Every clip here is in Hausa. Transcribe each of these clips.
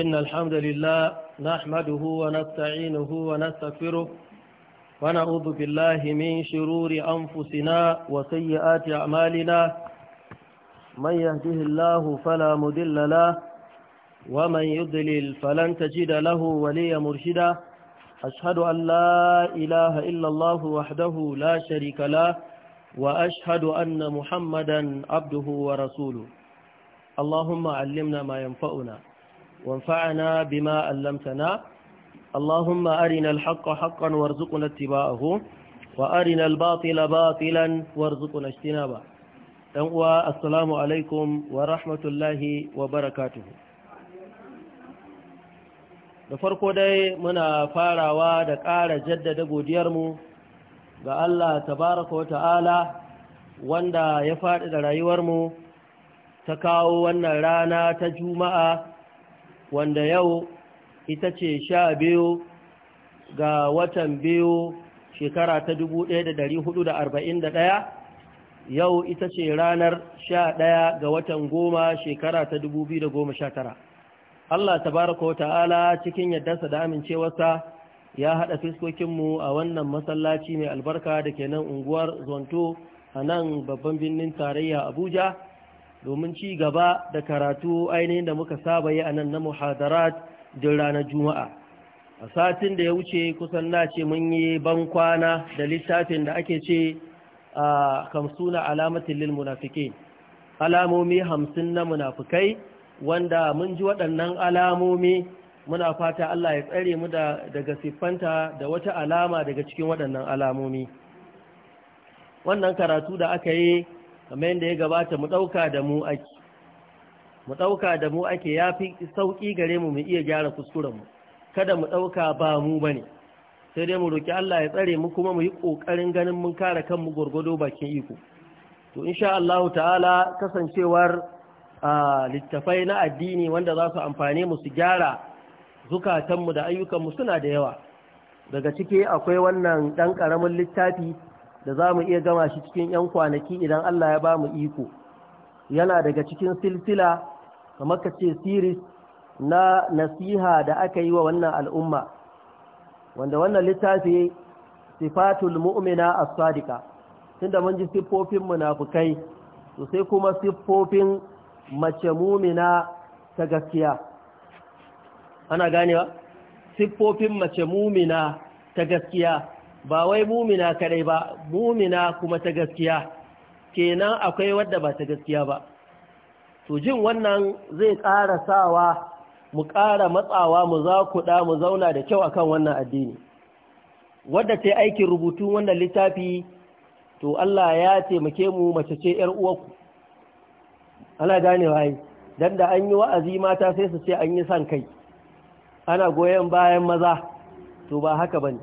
إن الحمد لله نحمده ونستعينه ونستغفره ونعوذ بالله من شرور أنفسنا وسيئات أعمالنا من يهده الله فلا مدل له ومن يضلل فلن تجد له وليا مرشدا أشهد أن لا إله إلا الله وحده لا شريك له وأشهد أن محمدا عبده ورسوله اللهم علمنا ما ينفعنا وانفعنا بما علمتنا اللهم أرنا الحق حقا وارزقنا اتباعه وأرنا الباطل باطلا وارزقنا اجتنابه ɗan'uwa assalamu alaikum wa rahmatullahi wa barakatuhu da farko dai muna farawa da ƙara jaddada godiyarmu ga Allah tabaraka wa ta'ala wanda ya faɗi da rayuwarmu ta kawo wannan rana ta juma'a wanda yau ita ce sha biyu ga watan biyu shekara ta ɗaya, yau ita ce ranar sha ɗaya ga watan goma shekara ta tara. Allah tabaraka wa ta'ala cikin yaddarsa da amincewarsa ya haɗa fiskokinmu a wannan masallaci mai albarka da ke nan unguwar zonto a nan babban birnin tarayya Abuja domin ci gaba da karatu ainihin da muka saba yi a nan na muhadarat din ranar juma'a a satin da ya wuce kusan na ce mun yi ban kwana da littafin da ake ce a kamsuna alamatin lil munafike alamomi hamsin na munafikai wanda mun ji waɗannan alamomi muna fata Allah ya tsare mu daga siffanta da wata alama daga cikin waɗannan alamomi wannan karatu da aka yi kamar yadda ya gabata mu ɗauka da mu ake mu ɗauka da mu ake ya fi sauƙi gare mu mu iya gyara mu. kada mu ɗauka ba mu ba ne sai dai mu roƙi Allah ya tsare mu kuma mu yi ƙoƙarin ganin mun kare kanmu gwargwado bakin iko to insha Allah ta'ala kasancewar littafai na addini wanda za su amfane mu su gyara zukatanmu da ayyukanmu suna da yawa daga ciki akwai wannan ɗan ƙaramin littafi da za mu iya gama shi cikin 'yan kwanaki idan Allah ya ba mu iko yana daga cikin silsila kamar ka ce siris na nasiha da aka yi wa wannan al'umma wanda wannan littafi sifatul mu'mina as-sadiqa tunda mun ji siffofin munafukai to sai kuma siffofin mace mumina ta gaskiya ana ganewa siffofin mace mumina ta gaskiya ba wai mumina kadai ba mumina kuma ta gaskiya kenan akwai wadda ba ta gaskiya ba to jin wannan zai ƙara sawa mu ƙara matsawa mu za ku da mu zauna da kyau akan wannan addini wadda ta aikin rubutu wannan littafi to Allah ya taimake mu mace ce ƴar uwarku ana ganewa ai dan da an yi wa'azi mata sai su ce an yi san kai ana goyen bayan maza to ba haka bane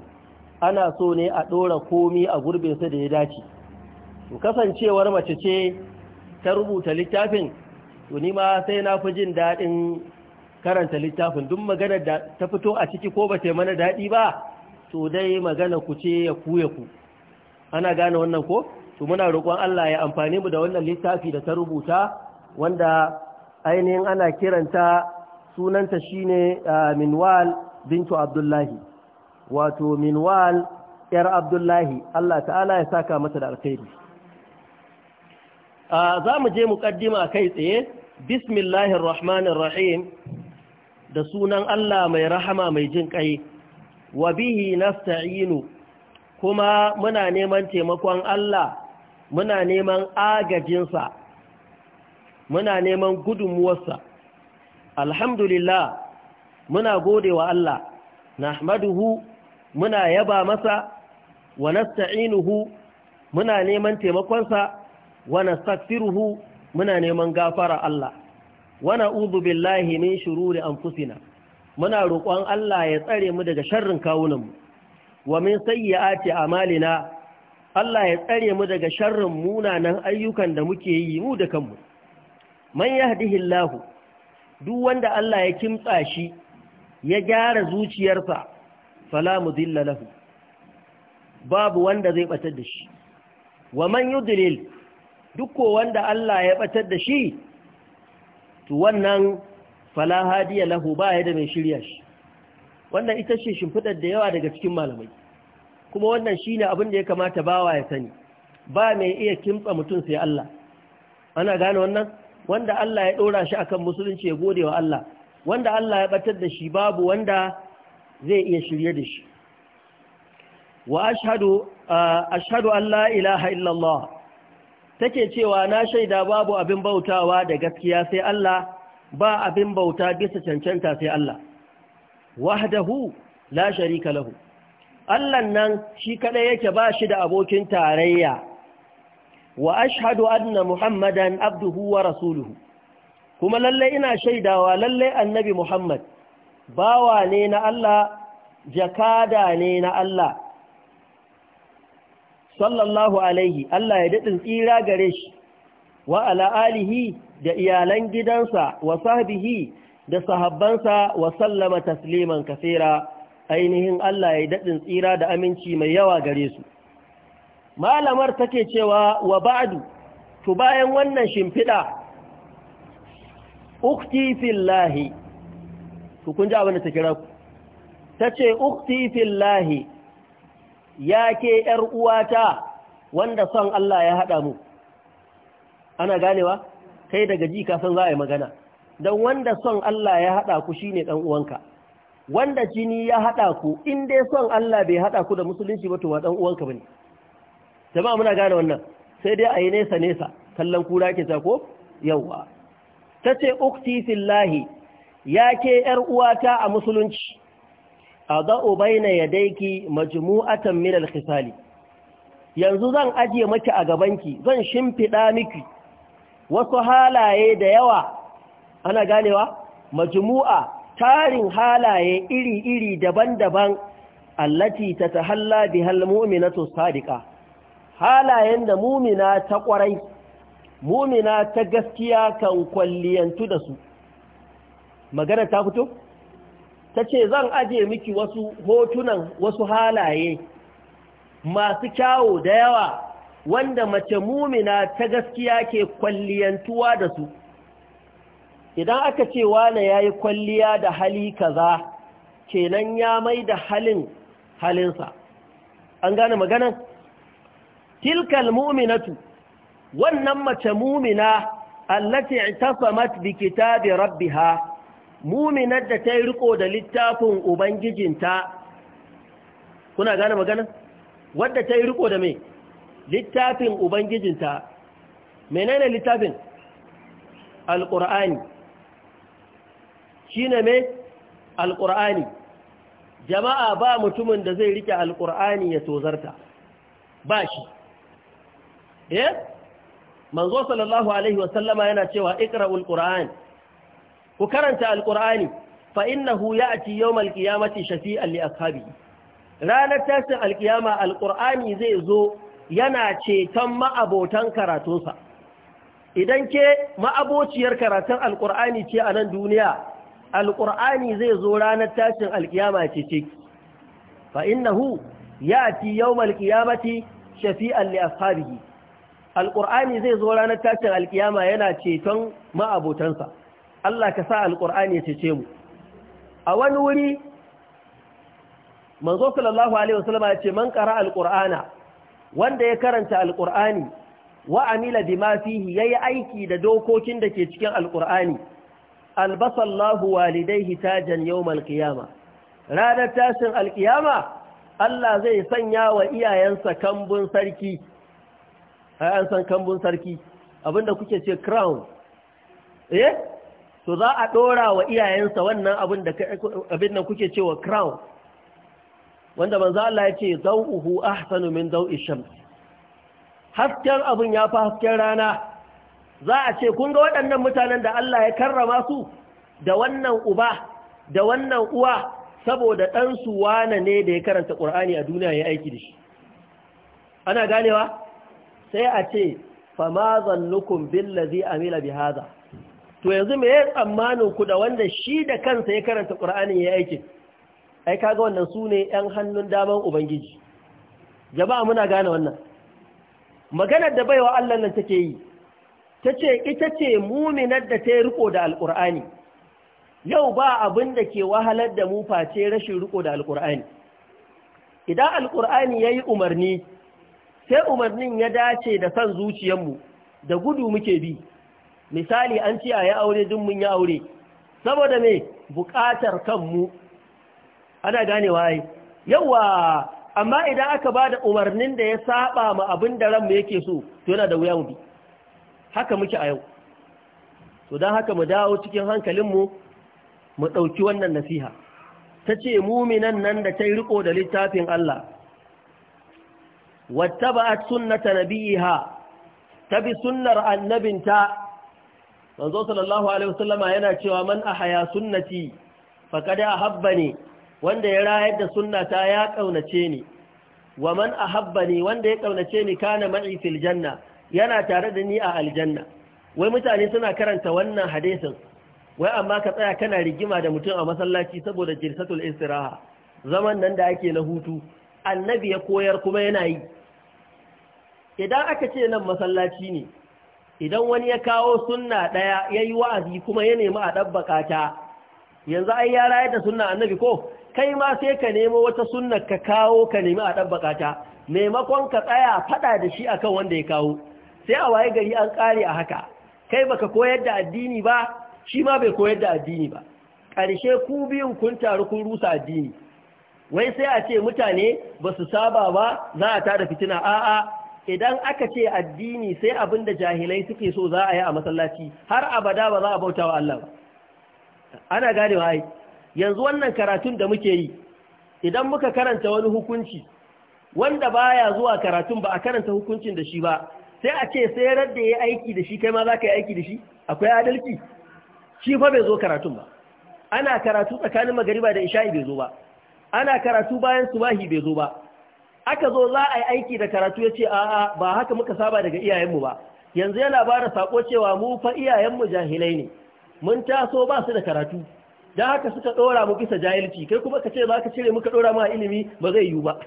ana so ne a ɗora komi a gurbinsa da ya dace kasancewar mace ce ta rubuta littafin to ni ma sai na fi jin daɗin karanta littafin duk magana da ta fito a ciki ko ba ta mana daɗi ba to dai magana ku ce ya ku ya ku ana gane wannan ko to muna roƙon Allah ya amfani mu da wannan littafi da ta rubuta wanda ainihin ana kiranta sunanta shine ah, Minwal bintu Abdullahi wato minwal ‘yar Abdullahi, Allah ta'ala ya saka masa da alkhairi. Za mu je muqaddima kai tsaye, Bismillahir Rahmanir Rahim, da sunan Allah mai rahama mai jin kai wa bihi nasta'inu, kuma muna neman taimakon Allah, muna neman agajinsa, muna neman gudunmuwarsa. Alhamdulillah, muna gode wa Allah, nahmaduhu muna yaba masa wa nasta'inuhu muna neman taimakonsa wa nastaghfiruhu muna neman gafara Allah wa na'udhu billahi min shururi anfusina muna roƙon Allah ya tsare mu daga sharrin kawunanmu wa min sayyi'ati a'malina Allah ya tsare mu daga sharrin munanan ayyukan da muke yi mu da kanmu man yahdihillahu duk wanda Allah ya kimtsa shi ya gyara zuciyarsa fala dilla lahu babu wanda zai batar da shi wa man yudlil duk wanda Allah ya batar da shi to wannan fala hadiya lahu ba ya da mai shirya shi wannan ita ce shimfidar da yawa daga cikin malamai kuma wannan shine abin da ya kamata bawa ya sani ba mai iya kimtsa mutum sai Allah ana gane wannan wanda Allah ya dora shi akan musulunci ya gode wa Allah wanda Allah ya batar da shi babu wanda zai iya shirye da shi wa ashhadu Allah ilaha illallah take cewa na shaida babu abin bautawa da gaskiya sai Allah ba abin bauta bisa cancanta sai Allah wahdahu la sharika lahu Allah nan shi kadai yake ba shi da abokin tarayya wa ashhadu anna muhammadan abduhu wa rasuluhu kuma lalle ina shaidawa lalle annabi muhammad bawa ne na Allah jakada ne na Allah sallallahu alaihi Allah ya daɗin tsira gare shi wa ala'alihi da iyalan gidansa wa sahbihi da sahabbansa wa sallama tasliman kafira ainihin Allah ya daɗin tsira da aminci mai yawa gare su malamar take cewa wa ba'du to bayan wannan shimfiɗa Uktifin lahi. to kun ji abin da ta kira ku ta ce ukti fillahi ya ke ‘yar uwata wanda son Allah ya haɗa mu ana ganewa kai daga ji san za a yi magana don wanda son Allah ya haɗa ku shi ne uwanka wanda jini ya haɗa ku in dai son Allah bai haɗa ku da musulunci ba to ba uwanka ba ne jama'a muna gane wannan sai dai a yi nesa nesa kallon kura ke ta ko yawwa ta ce ukti fillahi ya ke ‘yar uwata a musulunci, a za'o bai ya daiki majmu'atan minal khisali. Yanzu zan ajiye maki a gabanki, zan shimfiɗa miki wasu halaye da yawa, ana ganewa, majmu'a tarin halaye iri-iri daban-daban allati ta ta halla bihal mu'minatu halayen da mumina ta ƙwarai, mumina ta gaskiya kan kwalliyantu da su. magana ta fito ta ce zan ajiye miki wasu hotunan wasu halaye masu kyawo da yawa wanda mace mumina ta gaskiya ke kwalliyantuwa da su idan aka ce wane ya yi kwalliya da hali kaza kenan ya mai da halin halinsa an gane maganan tilkal mu'minatu wannan mace mumina allati i'tasamat bi kitabi rabbiha muminar da ta yi riko da littafin ubangijinta kuna gane magana wadda ta yi riko da mai littafin ubangijinta menene littafin alƙur'ani shi ne mai alƙur'ani jama'a ba mutumin da zai rike alƙur'ani ya tozarta ba shi eh manzo sallallahu alaihi wasallama yana cewa ikra qur'an ku karanta alqur'ani fa innahu ya'ti yawmal qiyamati shafi'an li ashabihi ranar tashin alqiyama alqur'ani zai zo yana ceton ma'abotan karatunsa idan ke ma'abociyar karatun alqur'ani ce a nan duniya alqur'ani zai zo ranar tashin alqiyama ce ce fa innahu ya'ti yawmal qiyamati shafi'an li ashabihi alqur'ani zai zo ranar tashin alqiyama yana ceton ma'abotansa Allah ka sa alƙur'ani ya cece mu a wani wuri manzo sallallahu alaihi wasallam ya ce man qara alqur'ana wanda ya karanta alqur'ani wa amila bima fihi yayi aiki da dokokin da ke cikin alqur'ani albasallahu walidayhi tajan yawmal qiyama ranar tashin alqiyama Allah zai sanya wa iyayensa kambun sarki ai an san kambun sarki abinda kuke ce crown eh to za a ɗora wa iyayensa wannan abin da kuke cewa crown wanda manzo Allah ya ce ahsanu min zau'i shams hasken abin ya fi hasken rana za a ce kun ga waɗannan mutanen da Allah ya karrama su da wannan uba da wannan uwa saboda ɗansu wane ne da ya karanta ƙur'ani a duniya ya aiki da shi ana ganewa sai a ce fa ma zannukun billazi amila bihaza to yanzu me ya tsammanin ku da wanda shi da kansa ya karanta Qur'ani ya aiki ai kaga wannan su ne yan hannun daman ubangiji jama'a muna gane wannan maganar da baiwa Allah nan take yi ta ce ita ce muminar da ta yi riko da Alƙur'ani. yau ba abin da ke wahalar da mu face rashin riko da Alƙur'ani. idan ya yi umarni sai umarnin ya dace da san zuciyarmu da gudu muke bi misali an ce a ya aure duk mun ya aure saboda mai buƙatar kanmu ana ganewa ai yawa amma idan aka ba da umarnin da ya saba ma abin da ranmu yake so to yana da wuya mu bi haka muke a yau to don haka mu dawo cikin hankalinmu mu ɗauki wannan nasiha ta ce muminan nan da ta yi riko da littafin Allah wata ba a sunnata nabiha ta bi sunnar annabinta manzo sallallahu alaihi wasallama yana cewa man ahaya sunnati faqad ahabbani wanda ya rayar da sunnata ya kaunace ni wa man ahabbani wanda ya kaunace ni kana ma'i fil janna yana tare da ni a aljanna wai mutane suna karanta wannan hadisin wai amma ka tsaya kana rigima da mutum a masallaci saboda jirsatul istiraha zaman nan da ake na hutu annabi ya koyar kuma yana yi idan aka ce nan masallaci ne idan wani ya kawo sunna ɗaya ya yi wa'azi kuma ya nemi a ɗabbaka ta yanzu ai ya rayar da sunna annabi ko kai ma sai ka nemo wata sunna ka kawo ka nemi a ɗabbaka ta maimakon ka tsaya faɗa da shi akan wanda ya kawo sai a waye gari an ƙare a haka kai baka koyar da addini ba shi ma bai koyar da addini ba ƙarshe ku biyun kun taru kun rusa addini wai sai a ce mutane ba su saba ba za a tada fitina a'a idan aka ce addini sai abin da jahilai suke so za a yi a masallaci har abada ba za a bauta wa Allah ba ana gane wa ai yanzu wannan karatun da muke yi idan muka karanta wani hukunci wanda baya zuwa karatun ba a karanta hukuncin da shi ba sai a ce sai radda yayi aiki da shi kai ma za ka yi aiki da shi akwai adalci shi fa bai zo karatun ba ana karatu tsakanin magariba da isha'i bai zo ba ana karatu bayan subahi bai zo ba aka zo za a yi aiki da karatu ya ce a'a ba haka muka saba daga iyayenmu ba yanzu yana ba da sako cewa mu fa iyayenmu jahilai ne mun taso ba su da karatu da haka suka ɗora mu bisa jahilci kai kuma ka ce za ka cire muka ɗora mu a ilimi ba zai yiwu ba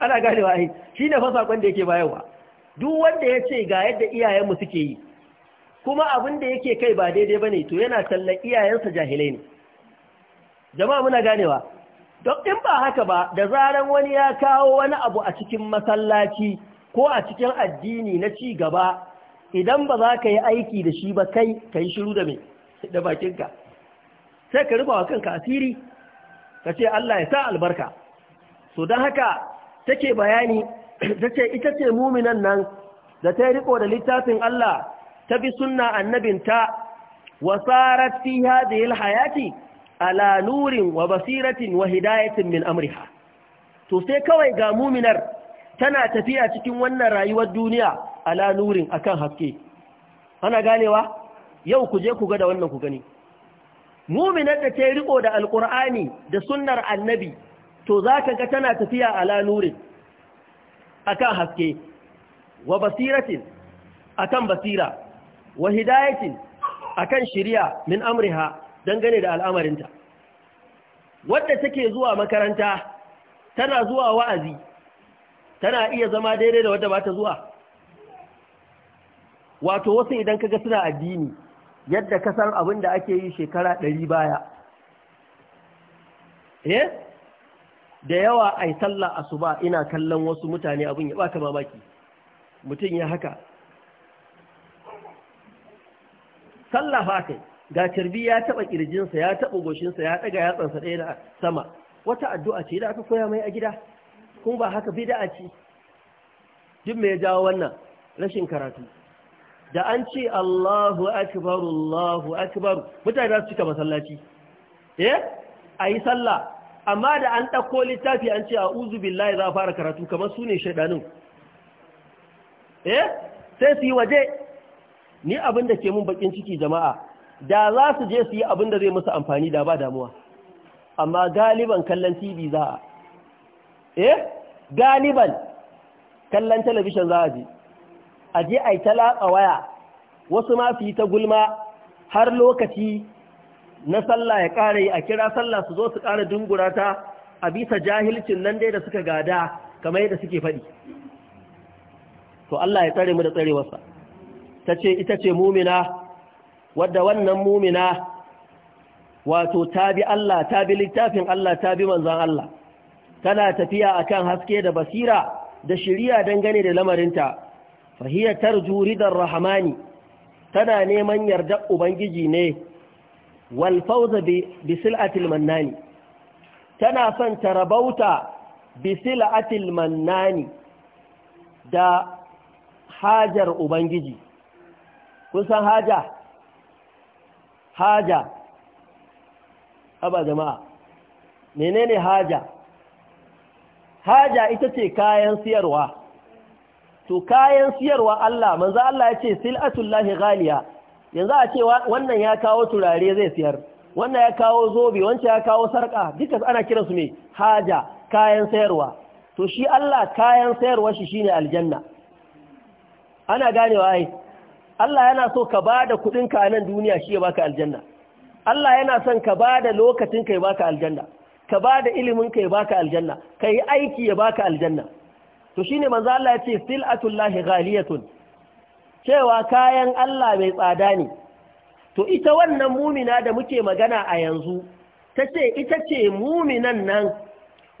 ana ganewa ai shi ne fa saƙon da yake bayarwa duk wanda ya ce ga yadda iyayenmu suke yi kuma abin da yake kai ba daidai ba ne, to yana talla iyayensa jahilai ne jama'a muna ganewa don in ba haka ba da zaran wani ya kawo wani abu a cikin masallaci ko a cikin addini na ci gaba idan ba za ka yi aiki da shi ba kai ka yi shiru da mai da bakinka sai ka rufa wa kanka asiri ka ce Allah ya sa albarka so don haka take bayani ta ce ita ce muminan nan da ta riko da littafin Allah ta bi sunna annabinta wasarar fi hadhihi alhayati ala nurin wa basiratin wa hidayatin min amriha to sai kawai ga muminar tana tafiya cikin wannan rayuwar duniya ala nurin akan haske ana ganewa yau ku je ku ga da wannan ku gani muminar da ta riƙo riko da alkur'ani da sunnar annabi to za ka ga tana tafiya ala nurin akan haske wa basiratin akan basira wa hidayatin akan shirya min amriha dangane da al'amarinta wadda take zuwa makaranta tana zuwa wa'azi tana iya zama daidai da wadda ba ta zuwa wato wasu idan kaga suna addini yadda ka san abin da ake yi shekara ɗari baya eh da yawa ai sallah asuba ina kallon wasu mutane abin ya ɓata mamaki mutum ya haka sallah fa kai ga carbi ya taba kirjinsa ya taba goshinsa ya daga yatsansa ɗaya da sama wata addu'a ce da aka koya mai a gida kuma ba haka bid'a ce duk me ya jawo wannan rashin karatu da an ce Allahu akbar Allahu akbar mutane za su cika masallaci eh ayi sallah amma da an ɗauko littafi an ce a uzu billahi za a fara karatu kamar su ne shaidanin eh sai su yi waje ni abin da ke mun bakin ciki jama'a da za su je su yi abin da zai musu amfani da ba damuwa amma galiban kallon tv za a eh galiban kallon talabishin za a je a je a yi talaka waya wasu ma su yi ta gulma har lokaci na sallah ya ƙara yi a kira sallah su zo su ƙara dungura ta a bisa jahilcin nan dai da suka gada kamar yadda suke faɗi to Allah ya tsare mu da tsarewarsa ta ce ita ce mumina wadda wannan mumina wato ta bi Allah ta bi littafin Allah ta bi manzan Allah tana tafiya akan haske da basira da shiriya dangane da lamarinta fahiyar tarju ridar rahamani tana neman yarda ubangiji ne Walfauza fawza bi sil'atil mannani tana son ta rabauta bi sil'atil mannani da hajar ubangiji kun san haja haja aba jama'a menene haja haja ita ce kayan siyarwa to kayan siyarwa Allah manzo Allah ya ce silatullahi ghaliya yanzu a ce wannan ya kawo turare zai siyar wannan ya kawo zobe wancan ya kawo sarka duka ana su me haja kayan sayarwa to shi Allah kayan sayarwa shi shine aljanna ana ganewa ai Allah yana so ka ba da kuɗinka a nan duniya shi ya baka aljanna Allah yana son ka ba da lokacinka ya baka aljanna ka ba da iliminka ya baka aljanna ka yi aiki ya baka aljanna to shine manzo Allah ya ce silatullahi ghaliyatun cewa kayan Allah mai tsada ne to ita wannan mumina da muke magana a yanzu ta ce ita ce muminan nan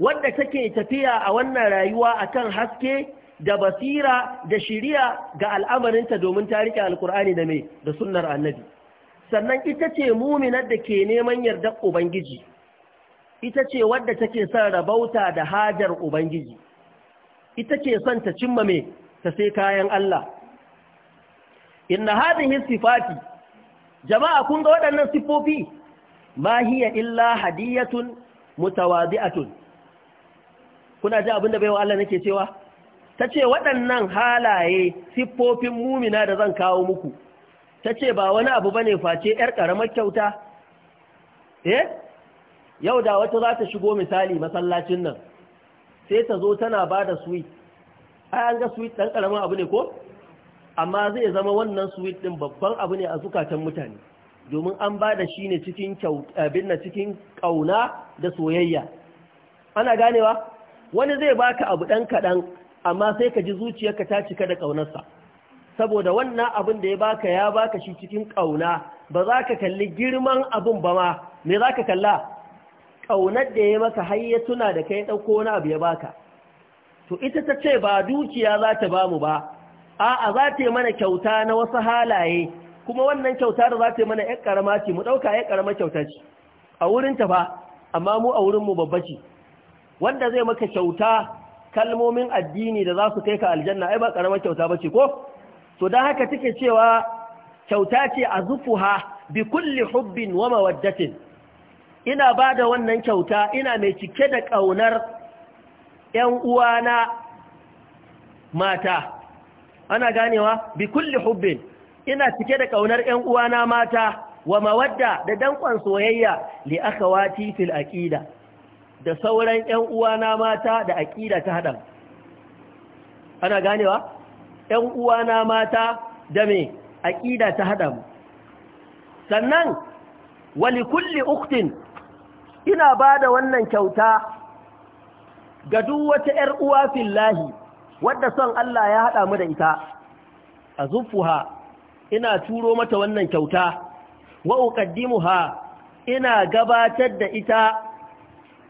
wadda take tafiya a wannan rayuwa akan haske da basira da shiriya ga al'amarinta domin ta rike alkur'ani da mai da sunnar annabi sannan ita ce muminar da ke neman yarda ubangiji ita ce wadda take son rabauta da hajar ubangiji ita ce son ta cimma mai ta sai kayan Allah inna hadhihi sifati jama'a kun ga waɗannan sifofi ma hiya illa hadiyatun mutawadi'atun kuna ji abinda baiwa Allah nake cewa ta ce waɗannan halaye siffofin mumina da zan kawo muku ta ce ba wani abu ba ne face ‘yar ƙaramar kyauta eh yau da wata za ta shigo misali masallacin nan sai ta zo tana ba da suwit ai an ga suwit ɗan ƙaramin abu ne ko amma zai zama wannan suwit ɗin babban abu ne a zukatan mutane domin an bada shi ne cikin binna cikin ƙauna da soyayya ana ganewa wani zai baka abu ɗan kaɗan amma sai ka ji zuciyarka ta cika da ƙaunarsa saboda wannan abin da ya baka ya baka shi cikin ƙauna ba za ka kalli girman abin ba ma me za ka kalla ƙaunar da ya maka har ya tuna da kai ɗauko wani abu ya baka to ita ta ce ba dukiya za ta ba mu ba a'a za ta yi mana kyauta na wasu halaye kuma wannan kyauta da za ta yi mana ƴan ƙarama ce mu ɗauka ƴan ƙarama kyauta ce a wurin ta fa amma mu a wurin mu babba ce wanda zai maka kyauta kalmomin addini da za su kai ka aljanna ai ba karamar kyauta ba ce ko to don haka take cewa kyauta ce a zufuha bi kulli hubbin wa mawaddatin ina ba da wannan kyauta ina mai cike da ƙaunar ‘yan uwana mata ana ganewa bi kulli hubbin ina cike da ƙaunar ‘yan uwana mata wa mawadda da danƙon soyayya li aka fil aƙida da sauran yan uwana mata da aƙida ta haɗa, ana ganewa yan uwana mata da me aƙida ta haɗa. sannan wali kulli uktin ina ba da wannan kyauta ga duk wata ‘yar uwa fillahi wadda son Allah ya haɗa mu da ita a zufuha ina turo mata wannan kyauta wa ha ina gabatar da ita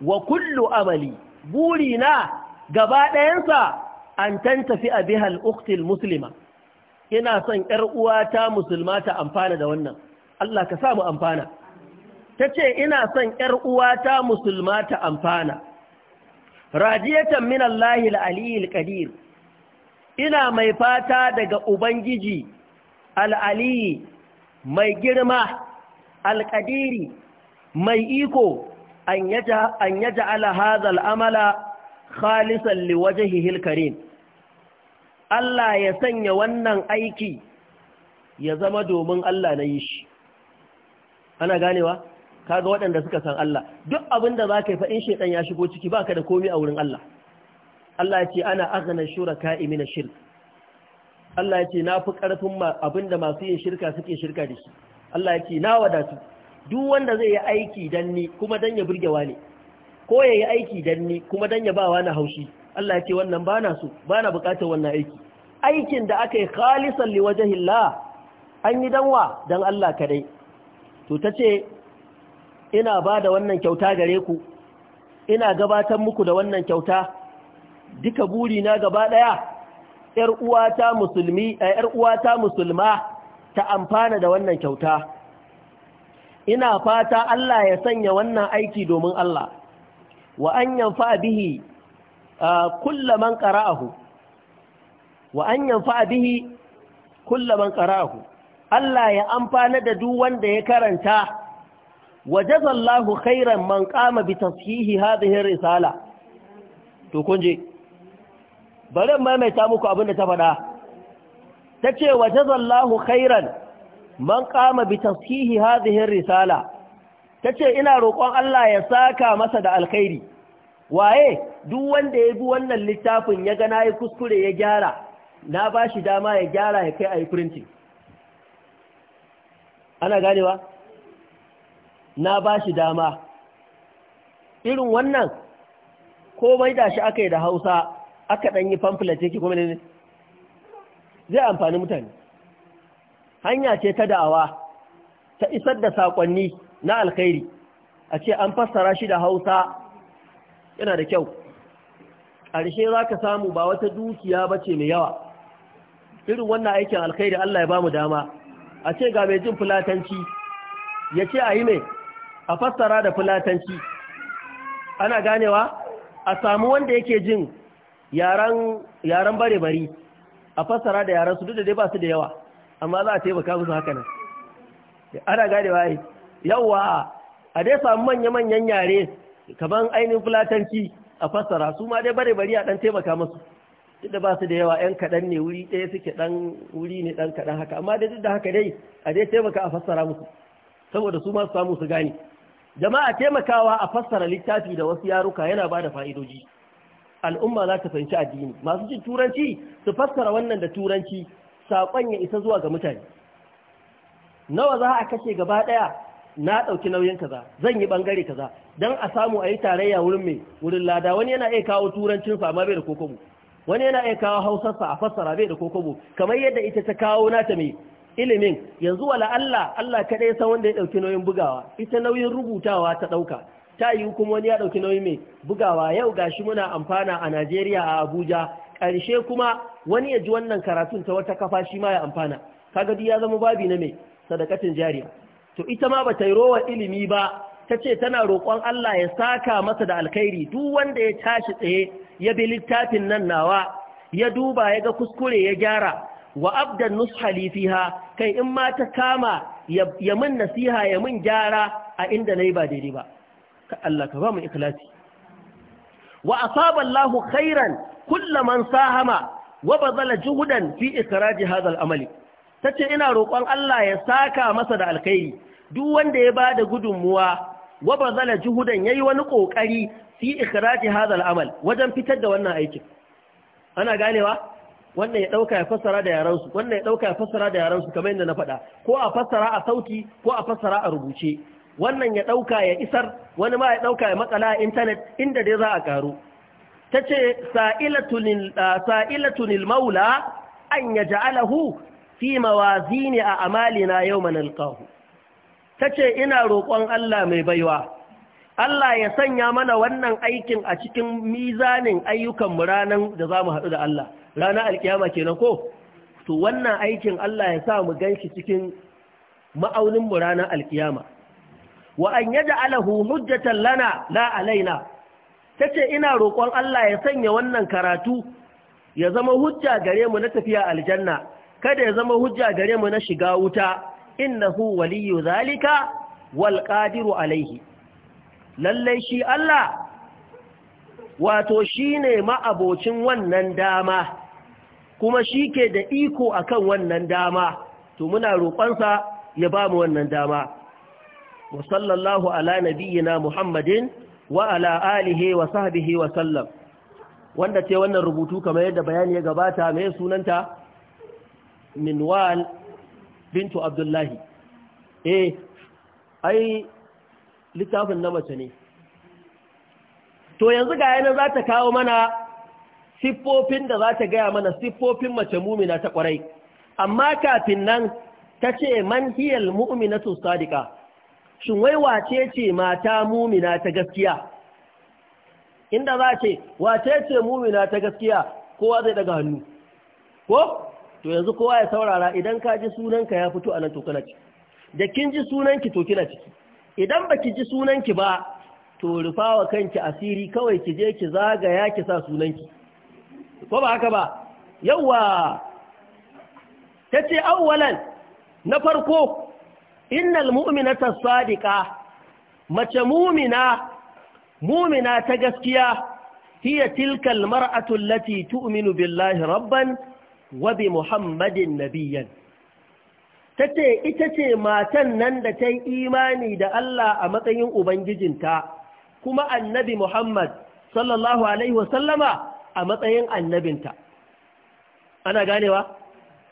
wa kullu amali buri na gaba ɗayansa an tafi a bihal uktil musulma. ina son ‘yar uwata musulma ta amfana da wannan Allah ka samu amfana ta ce ina son ‘yar uwata musulma ta amfana radiyatan min Allahil aliyil qadir ina mai fata daga ubangiji al'aliyi mai girma alƙadiri mai iko an yaja ala hazal amala khalisan liwajahihil karim Allah ya sanya wannan aiki ya zama domin Allah na yi shi ana ganewa kaga waɗanda suka san Allah duk abin da za ka yi fa'in shaidan ya shigo ciki ba ka da komi a wurin Allah Allah ya ce ana agana shuraka imina shirk Allah ya ce na fi ƙarfin abin da masu yin shirka suke shirka da shi Allah ya ce na wadatu duk wanda zai yi aiki dan ni kuma dan ya burgewa ne ko ya yi aiki dan ni kuma dan ya ba wa haushi Allah ya ce wannan ba na so ba na bukatar wannan aiki aikin da aka yi khalisan li wajhillah an yi danwa dan Allah kadai to tace ina ba da wannan kyauta gare ku ina gabatar muku da wannan kyauta duka buri na gaba daya ‘yar uwata musulmi, ‘yar eh, uwata musulma ta amfana da wannan kyauta, ina fata Allah ya sanya wannan aiki domin Allah wa an yanfa bihi kullaman qara'ahu wa an yanfa bihi kullaman qara'ahu Allah ya amfana da duk wanda ya karanta wa jazallahu khairan man qama bi tashihi hadhihi risala to kunje bari maimaita muku abin da ta faɗa Ta ce wa jazallahu khairan man kama bi tasihi hadhihi risala tace ina roƙon Allah ya saka masa da alkhairi waye duk wanda ya bi wannan littafin ya ga nayi kuskure ya gyara na bashi dama ya gyara ya kai ayi printing ana ganewa na bashi dama irin wannan komai da shi da Hausa aka ɗan yi pamphlet yake kuma ne zai amfani mutane hanya ce ta da'awa ta isar da sakonni na alkhairi a ce an fassara shi da hausa yana da kyau ƙarshe za ka samu ba wata dukiya ba ce mai yawa irin wannan aikin alkhairi Allah ya ba mu dama a ce ga mai jin fulatanci ya ce a yi mai a fassara da fulatanci ana ganewa a samu wanda yake jin yaren bare-bari a fassara da yaren su duk da dai ba su da yawa amma za a taimaka musu haka nan ana gane waye yawa a dai samu manya-manyan yare kaman ainihin fulatanci a fassara su ma dai bare bari a dan taimaka musu duk da ba su da yawa yan kaɗan ne wuri ɗaya suke ɗan wuri ne ɗan kaɗan haka amma dai duk da haka dai a dai taimaka a fassara musu saboda su ma su samu su gane jama'a taimakawa a fassara littafi da wasu yaruka yana ba da fa'idoji al'umma za ta fahimci addini masu jin turanci su fassara wannan da turanci saƙon ya isa zuwa ga mutane nawa za a kashe gaba ɗaya na ɗauki nauyin kaza zan yi ɓangare kaza don a samu a yi tarayya wurin mai wurin lada wani yana iya kawo turancin sa amma bai da kokobo wani yana iya kawo hausarsa a fassara bai da kokobo kamar yadda ita ta kawo nata mai ilimin yanzu wala Allah Allah kaɗai san wanda ya ɗauki nauyin bugawa ita nauyin rubutawa ta ɗauka ta yi kuma wani ya ɗauki nauyin mai bugawa yau gashi muna amfana a Najeriya a Abuja ƙarshe kuma wani ya ji wannan karatun ta wata kafa shi ma ya amfana kaga duk ya zama babi na mai sadakatin jariya to ita ma bata yi rowan ilimi ba ta ce tana roƙon Allah ya saka masa da alkhairi duk wanda ya tashi tsaye ya bi littafin nan nawa ya duba ya ga kuskure ya gyara wa abdan nushali fiha kai in ma ta kama ya min nasiha ya min gyara a inda nayi ba daidai ba Allah ka ba mu ikhlasi wa asaba Allahu! khairan kulla man sahama wa bazala juhudan fi ikraji hadha al-amali tace ina roƙon Allah ya saka masa da alkhairi duk wanda ya bada gudunmuwa wa bazala juhudan yayi wani kokari fi ikraji hadha al-amal wajen fitar da wannan aikin ana ganewa wannan ya dauka ya fassara da yaran su wannan ya dauka ya fassara da yaran su kamar yadda na faɗa ko a a sauti ko a a rubuce wannan ya dauka ya isar wani ma ya dauka ya makala a intanet inda dai za a karu ta ce sa'ilatun maula an ya ja'alahu fi ne a amalina yau Manalkahu. ta ce ina roƙon Allah mai baiwa Allah ya sanya mana wannan aikin a cikin mizanin ayyukan ranar da za mu haɗu da Allah ranar alkiyama kenan ko to wannan aikin Allah ya sa mu shi cikin ma'aunin mu ranar alkiyama wa an Alahu hujjatan lana la alaina ta ce ina roƙon Allah ya sanya wannan karatu ya zama hujja gare mu na tafiya aljanna kada ya zama hujja gare mu na shiga wuta innahu waliyyu zalika wal qadiru alaihi Lallai shi Allah wato shi ne ma'abocin wannan dama kuma shi ke da iko akan wannan dama to muna roƙonsa ya ba mu wannan dama wa sallallahu ala nabiyyina muhammadin wa ala alihi wa sahbihi wa sallam wanda ce wannan rubutu kamar yadda bayani ya gabata mai sunanta minwal bintu abdullahi eh ai littafin na mace ne to yanzu ga yana za ta kawo mana siffofin da za ta gaya mana siffofin mace mumina ta kwarai amma kafin nan ta ce man hiyal mu'minatu sadiqa shin wai wace ce mata mumina ta gaskiya inda za ce wace ce mumina ta gaskiya kowa zai daga hannu ko to yanzu kowa ya saurara idan ka ji sunanka ya fito a nan tokina ciki da kin ji sunanki to kina ciki idan baki ji sunanki ba to rufawa kanki asiri kawai ki je ki zagaya ki sa sunanki ko ba haka ba Ta tace awwalan na farko innal mu'minata sadiqa mace mu'mina mu'mina ta gaskiya hiya tilkal mar'atu allati tu'minu billahi rabban wa bi muhammadin nabiyyan tace ita ce matan nan da ta yi imani da Allah a matsayin ubangijinta kuma annabi Muhammad sallallahu alaihi wasallama a matsayin annabinta ana ganewa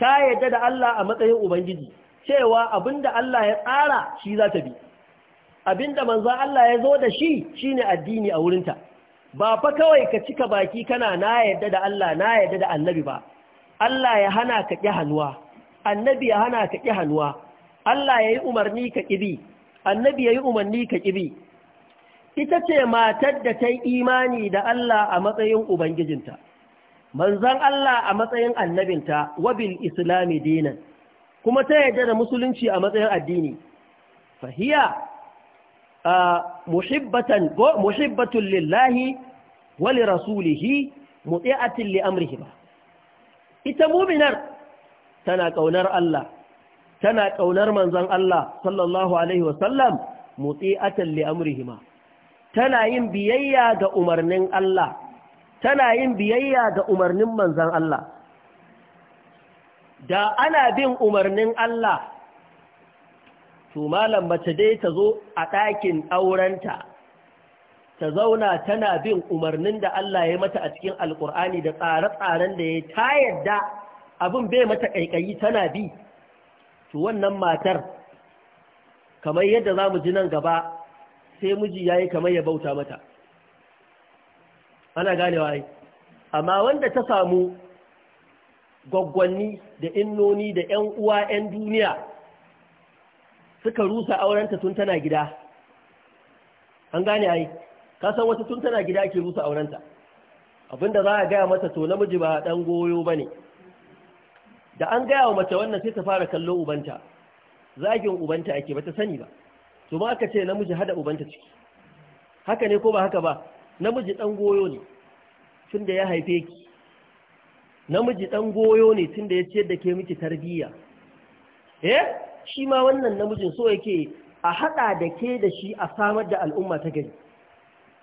ta yadda da Allah a matsayin ubangiji cewa abinda Allah ya tsara shi za ta bi abinda manzo Allah ya zo da shi shine addini a wurinta ba fa kawai ka cika baki kana na yadda da Allah na yadda da annabi ba Allah ya hana ka ƙi hannuwa annabi ya hana ka ƙi hannuwa Allah ya yi umarni ka bi. annabi ya yi umarni ka bi. ita ce matar da ta yi imani da Allah a matsayin ubangijinta manzon Allah a matsayin annabinta wabil islami dinan kuma ta yarda da musulunci a matsayin addini fahiya muhibbatan muhibbatun lillahi wa rasulihi muti'atin li ba ita muminar tana ƙaunar Allah tana ƙaunar manzon Allah sallallahu alaihi wasallam muti'atan li ma tana yin biyayya ga umarnin Allah tana yin biyayya ga umarnin manzon Allah da ana bin umarnin Allah to malam mace dai ta zo a ɗakin aurenta ta zauna tana bin umarnin da Allah ya mata a cikin alkur'ani da tsare-tsaren da ya ta yadda abin bai mata ƙaiƙayi tana bi to wannan matar kamar yadda za mu ji nan gaba sai miji ya yi kamar ya bauta mata ana ganewa yi amma wanda ta samu gwaggwanni da innoni da 'yan uwa 'yan duniya suka rusa aurenta tun tana gida an gane ai ka san wasu tun tana gida ake rusa aurenta abinda za a gaya mata to namiji ba dan goyo ba ne da an gaya wa mace wannan sai ta fara kallo ubanta zagin ubanta ake bata sani ba to ma aka ce namiji hada ubanta ciki haka ne ko ba haka ba namiji dan goyo ne tun da ya haife ki namiji ɗan goyo ne tun da ya ce da ke miki tarbiyya eh shi ma wannan namijin so yake a haɗa da ke da shi a samar da al'umma ta gari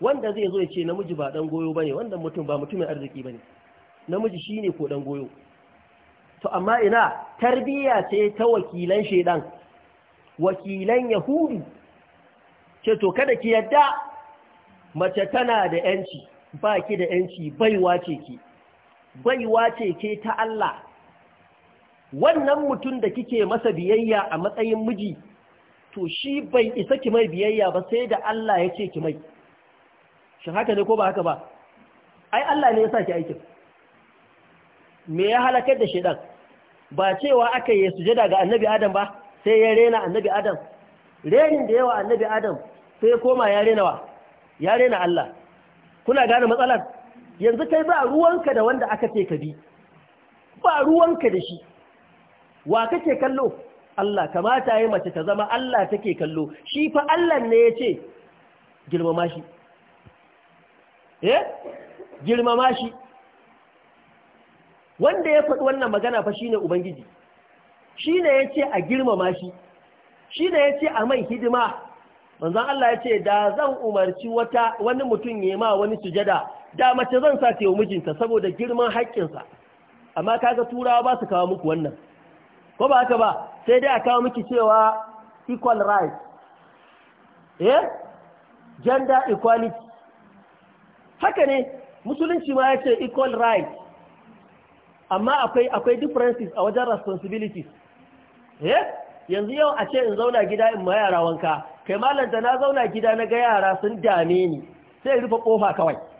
wanda zai zo ya ce namiji ba ɗan goyo ba ne wannan mutum ba mutumin arziki ba ne namiji shi ne ko ɗan goyo to amma ina tarbiyya ce ta wakilan shaidan wakilan yahudu ce to kada ki yadda mace tana da ‘yanci ba ki da ‘yanci baiwa ce ki’ baiwa ce ke ta Allah wannan mutum da kike masa biyayya a matsayin miji to shi bai isa ki mai biyayya ba sai da Allah ya ce ki mai shin haka ne ko ba haka ba ai Allah ne ya sa ki aikin me ya halakar da shedan ba cewa aka yi sujada ga annabi adam ba sai ya rena annabi adam renin da yawa annabi adam sai koma ya rena ya rena Allah kuna gane matsalar yanzu kai ba ruwanka da wanda aka ce ka bi ba ruwanka da shi wa kake kallo Allah kamata yi mace ta zama Allah take kallo shi fa Allah ne ya ce girmama shi eh girmama shi wanda ya faɗi wannan magana fa shine ubangiji shine ce a girmama shi shine ce a mai hidima manzon Allah ya ce da zan umarci wata wani mutum yema wani sujada da mace zan sa ta mijinta saboda girman haƙƙinsa amma kaga turawa ba su kawo muku wannan ko ba haka ba sai dai a kawo miki cewa equal rights eh gender equality haka ne musulunci ma ya ce equal rights amma akwai differences a wajen responsibilities eh yanzu yau a ce in zauna gida in ma yara wanka kai malam da na zauna gida na ga yara sun dame ni sai rufe ƙofa kawai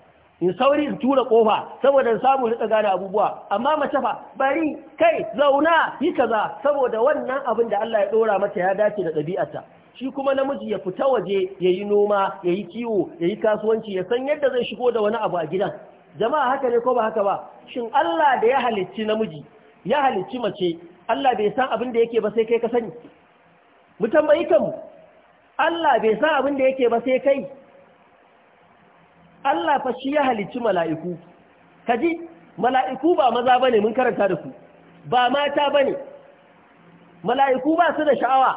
in sauri in tura kofa saboda samu rika gane abubuwa amma mace fa bari kai zauna yi kaza saboda wannan abin da Allah ya dora mata ya dace da ɗabi'arta shi kuma namiji ya fita waje ya yi noma ya yi kiwo ya yi kasuwanci ya san yadda zai shigo da wani abu a gidan jama'a haka ne ko ba haka ba shin Allah da ya halicci namiji ya halicci mace Allah bai san abin da yake ba sai kai ka sani mu tambayi kanmu Allah bai san abin da yake ba sai kai Allah fa shi ya halicci mala'iku Ka ji mala'iku ba maza ba ne mun karanta da ku ba mata ba ne. mala'iku ba su da sha'awa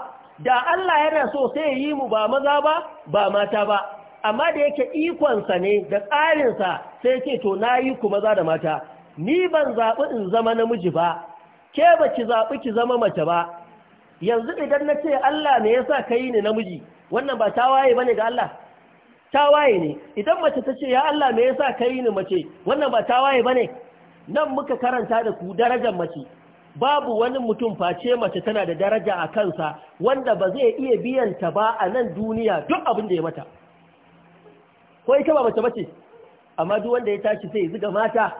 da Allah yana so sai yi mu ba maza ba ba mata ba amma da yake ikonsa ne da tsarinsa sai ce to na yi ku maza da mata ni ban zaɓi in zama namiji ba ke ba ki zaɓi ki zama mace ba yanzu idan na ce Allah ne ya sa ka yi ni namiji wannan ba tawaye ba ne ga Allah tawaye ne idan mace ta ce ya Allah me yasa ka yi ni mace wannan ba tawaye bane nan muka karanta da ku darajar mace babu wani mutum face mace tana da daraja a kansa wanda ba zai iya biyan ta ba a nan duniya duk abin da ya mata ko ita ba mace bace amma duk wanda ya tashi sai zuga mata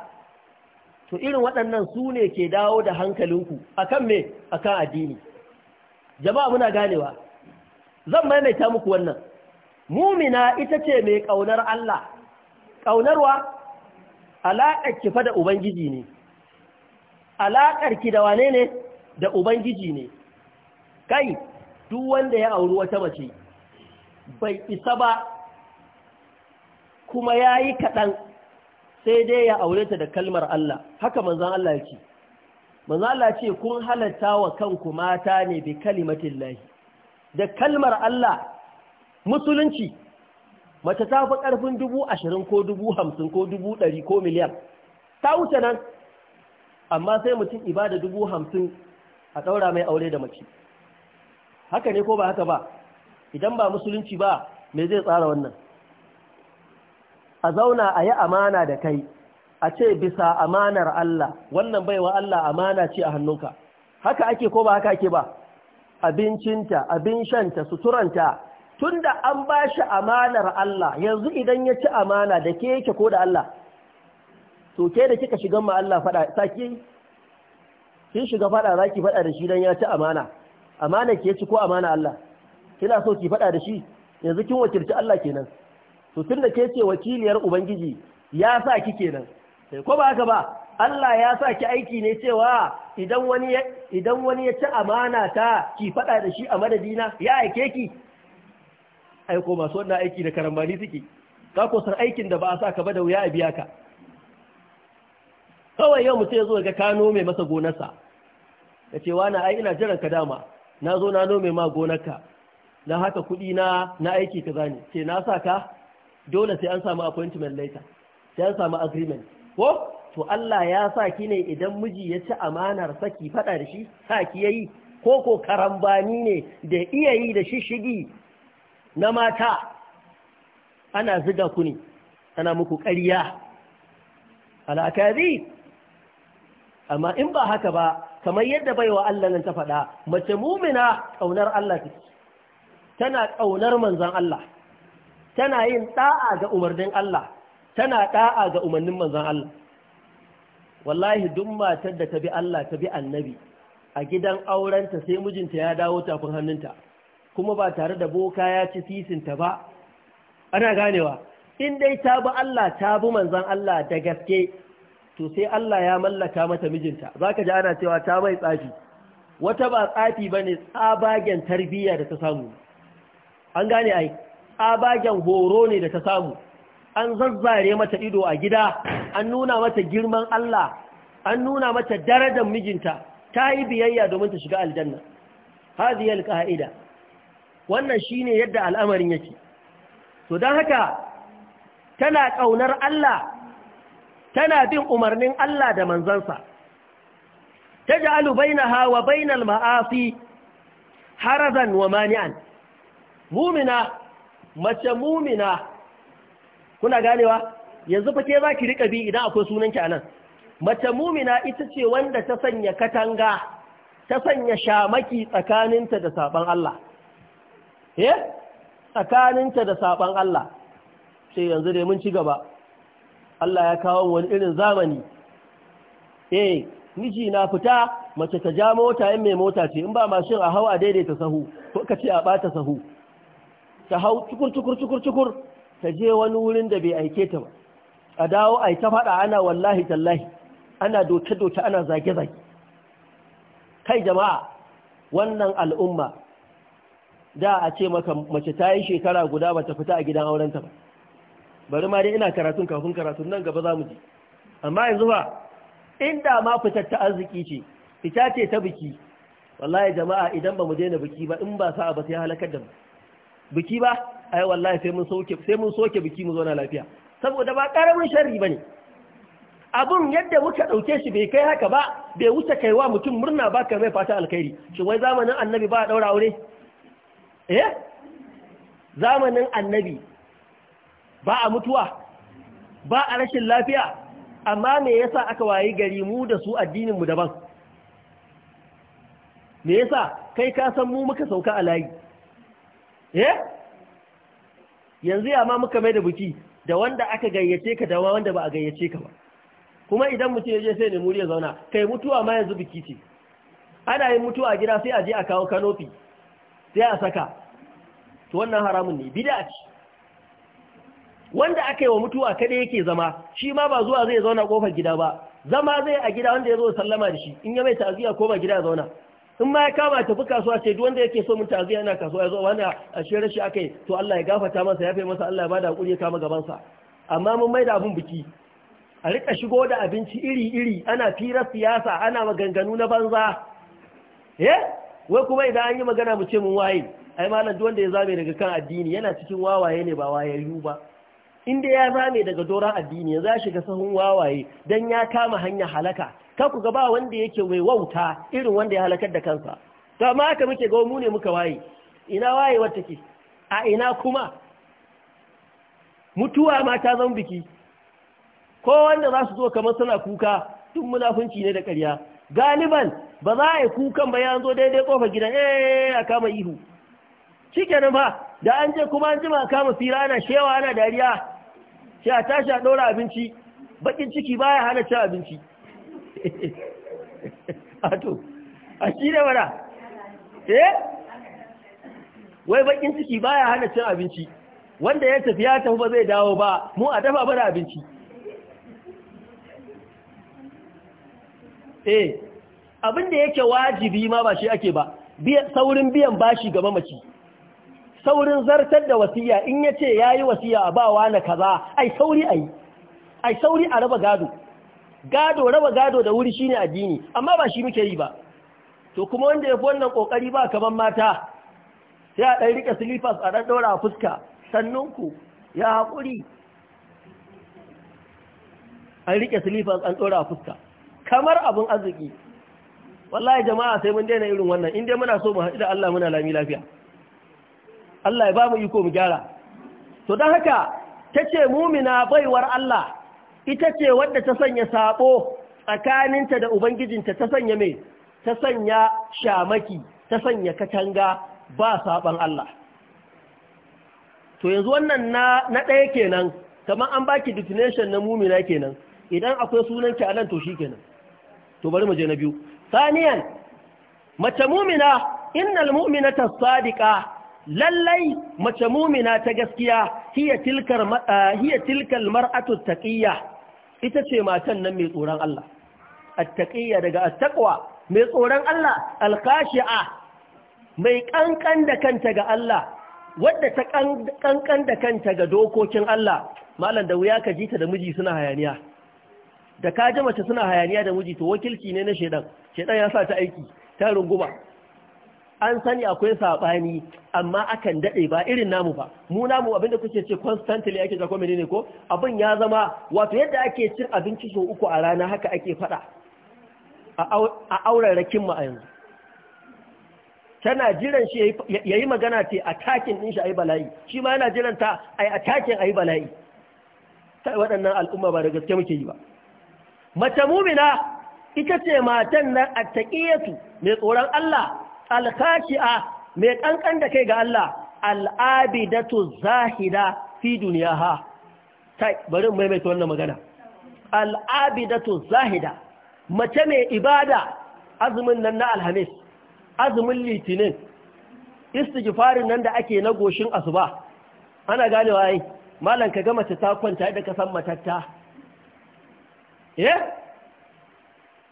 to irin waɗannan su ne ke dawo da hankalinku akan me akan addini jama'a muna ganewa zan maimaita muku wannan mumina ita ce mai ƙaunar Allah ƙaunarwa alaƙarki fa da ubangiji ne alaƙarki da wane ne da ubangiji ne kai duk wanda ya auri wata mace bai isa ba kuma ya yi kaɗan sai dai ya aure ta da kalmar Allah haka manzan Allah ce manzan Allah ce kun halatta wa kanku mata ne bi kalimatin lahi da kalmar Allah musulunci mace ta fi ƙarfin dubu ashirin ko dubu hamsin ko dubu ɗari ko miliyan ta wuce nan amma sai mutum ibada dubu hamsin a ɗaura mai aure da mace haka ne ko ba haka ba idan ba musulunci ba me zai tsara wannan a zauna a yi amana da kai a ce bisa amanar Allah wannan baiwa Allah amana ce a hannunka haka ake ko ba haka ake ba abincinta abin shanta suturanta tunda an ba shi amanar Allah yanzu idan ya ci amana da ke yake ko da Allah to ke da kika shigan ma Allah fada saki kin shiga fada zaki fada da shi dan ya ci amana amana ke ci ko amana Allah kina so ki fada da shi yanzu kin wakilci Allah kenan to tunda ke ce wakiliyar ubangiji ya sa ki kenan sai eh, ko ba haka ba Allah ya sa ki aiki ne cewa idan wani idan wani ya ci amana ta ki fada da shi a madadina ya aike ki aiko masu wannan aiki da karambani suke ka aikin da ba a sa ka ba da wuya a biya ka kawai yau mutum ya zo ga ka nome masa gonarsa da cewa na ai ina jiran ka dama na zo na nome ma gonarka na haka kuɗi na na aiki ka zane ce na sa ka dole sai an samu appointment later sai an samu agreement ko to Allah ya sa ki ne idan miji ya ci amanar saki faɗa da shi sa ki yi ko ko karambani ne da iya yi da shi shigi. na mata ana ziga ku ne ana muku ƙariya alakazi amma in ba haka ba kamar yadda baiwa Allah nan ta faɗa mace mumina ƙaunar Allah tana ƙaunar manzan Allah tana yin ɗa'a ga umarnin Allah tana ɗa'a ga umarnin manzan Allah wallahi duk matar da ta bi Allah ta bi annabi a gidan aurenta sai mijinta ya dawo tafin hannunta kuma ba tare da boka ya ci sisinta ba ana ganewa in dai ta bi Allah ta bi manzan Allah da gaske to sai Allah ya mallaka mata mijinta za ka ji ana cewa ta mai tsafi wata ba tsafi ba ne tsabagen tarbiyya da ta samu an gane ai tsabagen horo ne da ta samu an zazzare mata ido a gida an nuna mata girman Allah an nuna mata darajar mijinta ta yi biyayya domin ta shiga aljanna hadhihi alqaida wannan shine yadda al'amarin yake to don haka tana ƙaunar Allah tana bin umarnin Allah da manzansa ta ja'alu bainaha wa bainal ma'afi harazan wa mani'an mumina mace mumina kuna ganewa yanzu fa za ki rika bi idan akwai sunanki anan mace mumina ita ce wanda ta sanya katanga ta sanya shamaki tsakaninta da sabon Allah eh tsakaninta da saban Allah sai yanzu dai mun ci gaba Allah ya kawo wani irin zamani eh miji na fita mace ta ja mota in mai mota ce in ba mashin a hau a daidaita sahu ko ka ce a bata sahu ta hau cukur cukur cukur cukur ta je wani wurin da bai aike ta ba a dawo ai ta fada ana wallahi tallahi ana doke dote ana zage zage kai jama'a wannan al'umma da a ce maka mace ta yi shekara guda ba ta fita a gidan aurenta ba bari ma dai ina karatun kafin karatun nan gaba za mu ji amma yanzu ba inda ma fitar ta arziki ce fita ce ta biki wallahi jama'a idan ba mu daina biki ba in ba sa'a ba sai halakar da mu biki ba ai wallahi sai mun soke sai mun soke biki mu zauna lafiya saboda ba karamin sharri bane abun yadda muka dauke shi bai kai haka ba bai wuce kaiwa mutum murna ba ka mai fata alkhairi shin wai zamanin annabi ba a daura aure eh zamanin annabi ba a mutuwa ba a rashin lafiya amma me yasa aka wayi gari mu da su addininmu daban me yasa kai ka san mu muka sauka a layi eh yanzu ya ma muka mai da buki da wanda aka gayyace ka da wanda ba a gayyace ka ba kuma idan mutum ya je sai ne muri ya zauna kai mutuwa ma yanzu biki ce ana yin mutuwa gida sai a je a kawo kanofi sai a saka to wannan haramun ne bid'a ce wanda aka yi wa mutuwa kada yake zama shi ma ba zuwa zai zauna kofar gida ba zama zai a gida wanda ya zo sallama da shi in ya mai taziya ko ba gida zauna in ma ya kama tafi kasuwa ce duk wanda yake so mun taziya yana kasuwa ya zo wanda a shi akai, aka yi to Allah ya gafarta masa ya fai masa Allah ya bada hakuri ya kama gaban sa amma mun mai da abun biki a rika shigo da abinci iri iri ana firar siyasa ana maganganu na banza eh wai kuma idan an yi magana mu ce mun waye ai malam duk wanda ya zame daga kan addini yana cikin wawaye ne ba yu ba inda ya zame daga doron addini ya za shiga sahun wawaye dan ya kama hanya halaka ka ku ga ba wanda yake wai wauta irin wanda ya halakar da kansa to amma haka muke ga mu ne muka waye ina waye wata ke a ina kuma mutuwa ma ta zan biki ko wanda za su zo kamar suna kuka tun munafunci ne da ƙarya galiban ba za a yi kukan ba ya zo daidai kofar gidan eh a kama ihu shikenan ba da an je kuma an jima a kama fira ana shewa ana dariya shi a tashi a ɗora abinci bakin ciki baya hana cin abinci A to a shi ne mana eh wai bakin ciki baya hana cin abinci wanda ya tafi ya tafi ba zai dawo ba mu a dafa bana abinci eh abin da yake wajibi ma ba shi ake ba saurin biyan bashi ga mace saurin zartar da wasiya in yace ce ya yi wasiya a bawa na kaza ai sauri a ai sauri a raba gado gado raba gado da wuri shine addini amma ba shi muke yi ba to kuma wanda ya fi wannan kokari ba kaman mata sai a ɗan rike silifas a ɗan ɗora a fuska sannunku ya haƙuri an rike silifas an ɗora a fuska kamar abin arziki wallahi jama'a sai mun daina irin wannan in dai muna so mu haɗu da Allah muna lami lafiya Allah ya ba mu iko mu gyara to don haka tace mumina baiwar Allah ita ce wadda ta sanya sabo tsakaninta da ubangijinta ta sanya mai ta sanya shamaki ta sanya katanga ba saban Allah to yanzu wannan na na ɗaya kenan kamar an baki definition na mumina kenan idan akwai sunan a nan to shikenan to bari mu je na biyu saniyan mace mumina innal mu'minata sadiqa lallai mace mumina ta gaskiya hiya tilkar hiya tilkal mar'atu taqiyya ita ce matan nan mai tsoron Allah at-taqiyya daga at-taqwa mai tsoron Allah al-khashi'a mai kankan da kanta ga Allah wadda ta kankan da kanta ga dokokin Allah malam da wuya ka ji ta da miji suna hayaniya da ka ji mace suna hayaniya da miji to wakilci ne na shedan shedan ya sa ta aiki ta runguma an sani akwai sabani amma akan dade ba irin namu ba mu namu abinda kuke ce constantly ake ga komai ne ko abin ya zama wato yadda ake cin abinci so uku a rana haka ake fada a auren rakin mu a yanzu tana jiran shi yayi magana ce attacking din shi ayi bala'i shi ma yana jiran ta ayi attacking ayi bala'i sai waɗannan al'umma ba da gaske muke yi ba mace mumina ita ce matan nan a taƙiyatu mai tsoron Allah a mai ƙanƙan da kai ga Allah al'abidatu zahida fi ha, ta bari mai maimaita wannan magana al'abidatu zahida mace mai ibada azumin nan na alhamis azumin litinin istigifarin nan da ake na goshin asuba ana ganewa yi malanka ka ga mace ta kwanta idan ka san matatta eh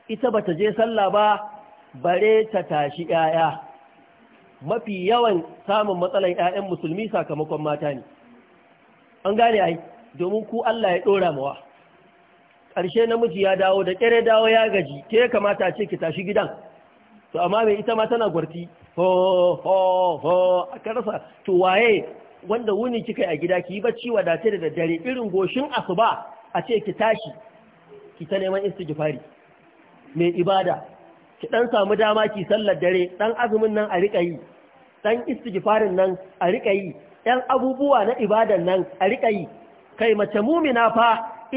ita ba ta je sallah ba bare ta tashi ‘ya'ya mafi yawan samun matsalan ‘ya'yan musulmi sakamakon mata ne an gane ai domin ku Allah ya ɗora mawa ƙarshe namiji ya dawo da kere dawo ya gaji ke kamata ce ki tashi gidan to amma mai ita ma tana gwarti ho ho ho a karsa to waye wanda wuni kika a gida ki yi bacci wadace da daddare irin goshin asuba a ce ki tashi ki ta neman istighfari mai ibada ki dan samu dama ki sallar dare dan azumin nan a rika yi dan istighfarin nan a rika yi dan abubuwa na ibadan nan a rika yi kai mace mumina fa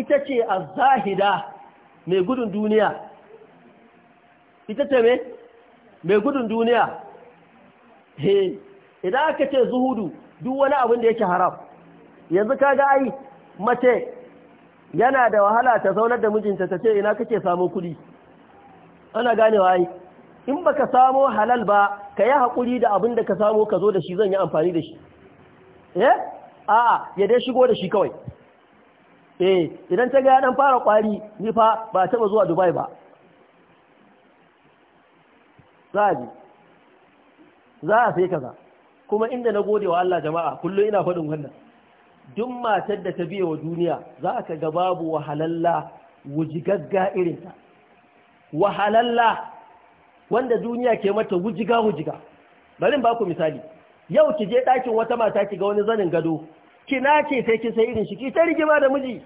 ita ce azahida mai gudun duniya ita ce me mai gudun duniya he idan aka ce zuhudu duk wani abin da yake haram yanzu kaga ai mace yana da wahala ta zaunar da mijinta ta ce ina kake samu kuɗi ana ganewa ai in baka samo halal ba ka yi haƙuri da abin da ka samo ka zo da shi zan yi amfani da shi eh a'a ya dai shigo da shi kawai eh idan ta ga ya dan fara kwari ni fa ba taɓa zuwa dubai ba za a ji za a sai kaza kuma inda na gode wa Allah jama'a kullum ina faɗin wannan duk matar da ta biya wa duniya za ka ga babu wahalalla wujigagga irinta wahalalla wanda duniya ke mata wujiga wujiga bari ba ku misali yau ki je ɗakin wata mata ki ga wani zanin gado ki nace sai ki sai irin shi ki ta rigima da miji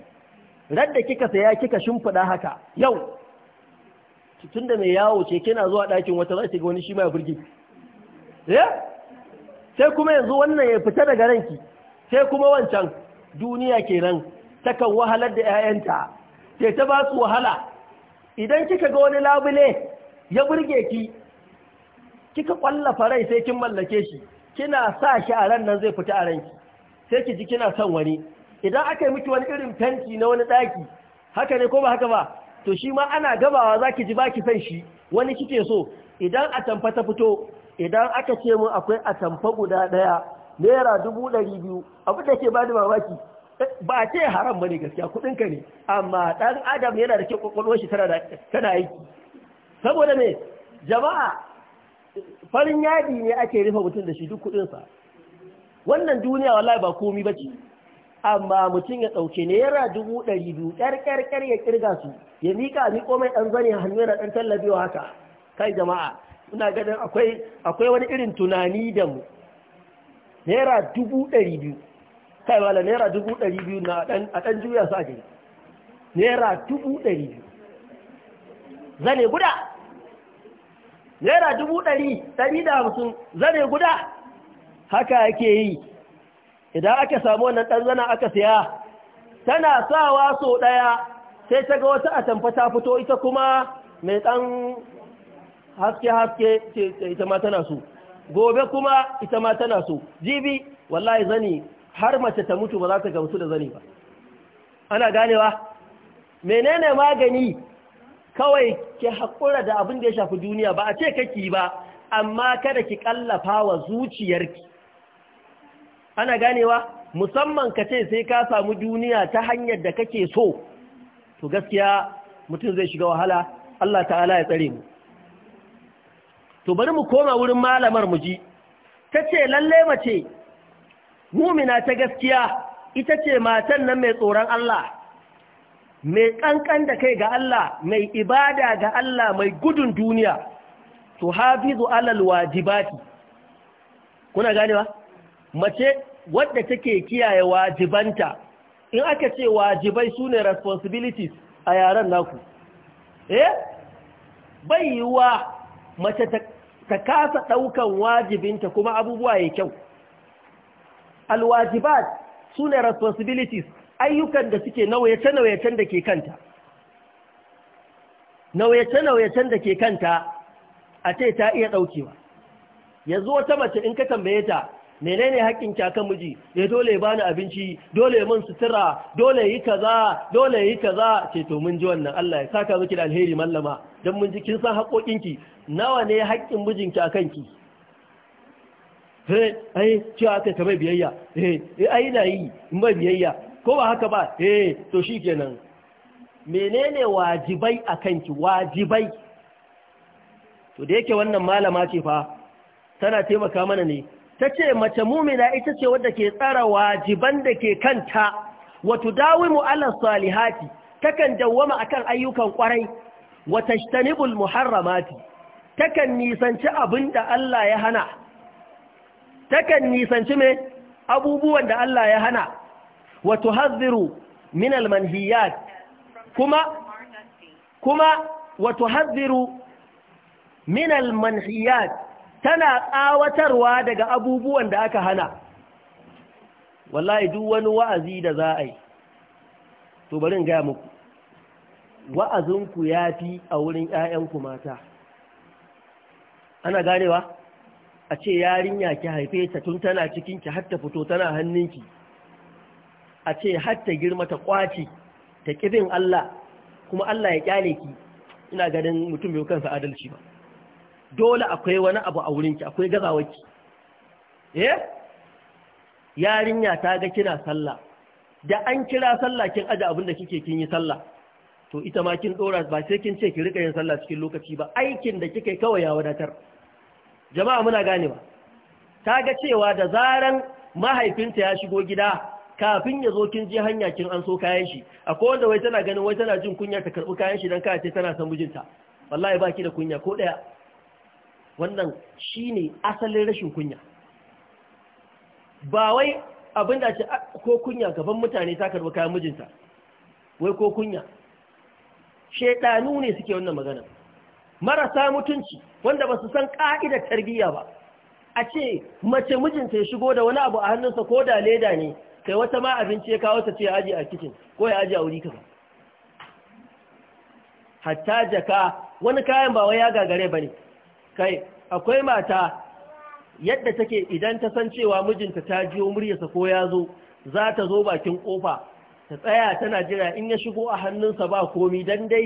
radda kika saya kika shimfida haka yau tunda mai yawo ce kina zuwa dakin wata za ki ga wani shi ma ya burge eh? sai kuma yanzu wannan ya fita daga ranki sai kuma wancan duniya ke kenan takan wahalar da 'ya'yanta sai ta ba su wahala idan kika ga wani labule ya burge ki kika ƙwallafa rai sai kin mallake shi kina sa shi a ran nan zai fita a ranki sai ki ji kina son wani idan aka yi miki wani irin fenti na wani ɗaki, haka ne ko ba haka ba to shi ma ana gabawa za ki ji baki son shi wani kike so idan a tamfa ta fito idan aka ce mun akwai a tamfa guda ɗaya. naira dubu ɗari biyu abin da ke ba da mamaki ba a ce haram ba ne gaskiya kuɗinka ne amma ɗan adam yana da kyau kwakwalwar shi tana aiki saboda ne jama'a farin yadi ne ake rufe mutum da shi duk kuɗinsa wannan duniya wallahi ba komi ba ce amma mutum ya ɗauke naira dubu ɗari biyu ƙyarƙyarƙyar ya ƙirga su ya miƙa miƙo mai ɗan zane hannu yana ɗan wa haka kai jama'a ina ganin akwai wani irin tunani da mu naira dubu ɗari biyu kai wala naira dubu ɗari biyu na a ɗan juya su a gari naira dubu ɗari biyu zane guda naira dubu ɗari ɗari da hamsin zane guda haka ake yi idan aka samu wannan ɗan zana aka siya tana sawa so ɗaya sai ta ga wata a tamfa ta fito ita kuma mai ɗan haske-haske ita ma tana so gobe kuma ita ma tana so jibi wallahi zani har mace ta mutu ba za ta gamsu da zani ba ana ganewa menene magani kawai ki haƙura da abin da ya shafi duniya ba a ce kake ba amma kada ki kallafa wa zuciyarki ana ganewa musamman ka ce sai ka samu duniya ta hanyar da kake so to gaskiya mutum zai shiga wahala Allah ta'ala ya tsare mu to bari mu koma wurin malamar mu ji ta ce lalle mace mumina ta gaskiya ita ce matan nan mai tsoron Allah mai kankan da kai ga Allah mai ibada ga Allah mai gudun duniya to hafizu alal wajibati kuna ganewa mace wadda take kiyaye wajibanta in aka ce wajibai su ne responsibilities a yaren naku eh bai yiwuwa mace ta ta kasa ɗaukan wajibinta kuma abubuwa ya kyau alwajibat su ne responsibilities ayyukan da suke nauyace-nauyacen da ke kanta nauyace-nauyacen da ke kanta a ce ta iya ɗaukewa yanzu wata mace in ka tambaye ta menene ki kyakan miji ya eh, dole ya bani abinci dole mun sutura dole yi kaza dole yi kaza ce to mun ji wannan Allah ya saka miki da alheri mallama dan mun ji kin san haƙoƙinki nawa ne mijin mijinki akan ki eh ai ki aka ta bai biyayya eh, eh ai na yi in bai biyayya ko ba haka ba eh to shikenan menene wajibai akan ki wajibai to da yake wannan malama ce fa tana taimaka mana ne tace mace mumina ita ce wadda ke tsara wajiban da ke kanta wa tudawimu ala salihati takan dawwama akan ayyukan kwarai wa tashtanibul muharramati takan nisanci abinda Allah ya hana takan nisanci me abubuwan da Allah ya hana wa tuhadhiru min almanhiyat kuma kuma wa tuhadhiru min almanhiyat tana tsawatarwa daga abubuwan da aka hana wallahi duk wani wa'azi da za a yi to bari in gaya muku wa'azinku ya fi a wurin ‘ya'yanku mata ana ganewa a ce yarinya ki haife ta tun tana cikinki har ta fito tana hannunki a ce har ta girma ta kwaci ta kibin Allah kuma Allah ya kyale ki ina ganin mutum bai kansa adalci ba dole akwai wani abu a wurinki akwai gazawarki eh yarinya ta ga kina sallah da an kira sallah kin aje abin da kike kin yi sallah to ita ma kin dora ba sai kin ce ki rika yin sallah cikin lokaci ba aikin da kike kawai ya wadatar jama'a muna gane ba. ta ga cewa da zaran mahaifinta ya shigo gida kafin ya zo kin je hanya kin an so kayan shi akwai wanda wai tana ganin wai tana jin kunya ta karbi kayan shi dan ka ce tana san mijinta wallahi baki da kunya ko daya wannan shi ne asalin rashin kunya ba wai abin da ce ah, ko kunya gaban mutane ta karɓi kayan mijinta wai ko kunya shaidanu ne suke wannan magana marasa mutunci wanda ba su san ƙa'idar tarbiyya ba a ce mace mijinta ya shigo da wani abu a hannunsa ko da leda ne kai wata ma abinci ya kawo ta ce ya aji a kicin ko ya aji a wuri kaza hatta jaka wani kayan ba wai ya gagare ba ne kai akwai mata yadda take idan ta san cewa mijinta ta jiyo muryarsa ko ya zo za ta zo bakin kofa ta tsaya tana jira in ya shigo a hannunsa ba komi dan dai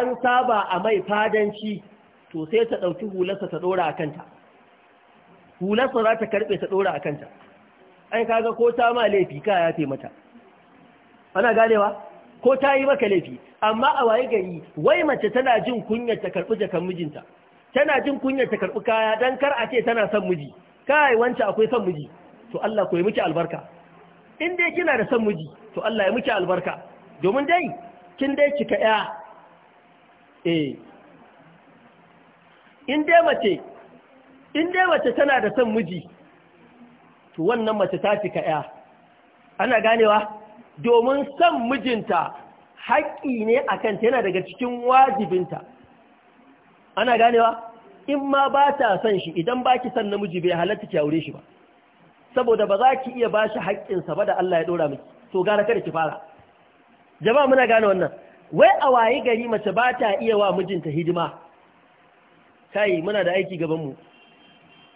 an saba a mai fadanci to sai ta ɗauki hularsa ta ɗora a kanta hularsa za ta karɓe ta ɗora a kanta ai kaga ko ta ma laifi ka ya fi mata ana ganewa ko ta yi maka laifi amma a waye gari wai mace tana jin kunyar ta karɓi jakan mijinta tana jin kunyar ta karɓi kaya don kar a ce tana son miji kai wancan akwai son miji to Allah ku yi miki albarka in dai kina da son miji to Allah ya miki albarka domin dai kin dai kika ya eh in dai mace in dai mace tana da son miji to wannan mace ta cika ya ana ganewa domin son mijinta haƙƙi ne akan tana daga cikin wajibinta ana ganewa in ma ba ta son shi idan ba ki son namiji bai halatta ki aure shi ba saboda ba za ki iya ba shi haƙƙinsa ba da Allah ya ɗora miki to gara kada ki fara jama'a muna gane wannan wai a waye gari mace ba ta iya wa mijinta hidima kai muna da aiki gaban mu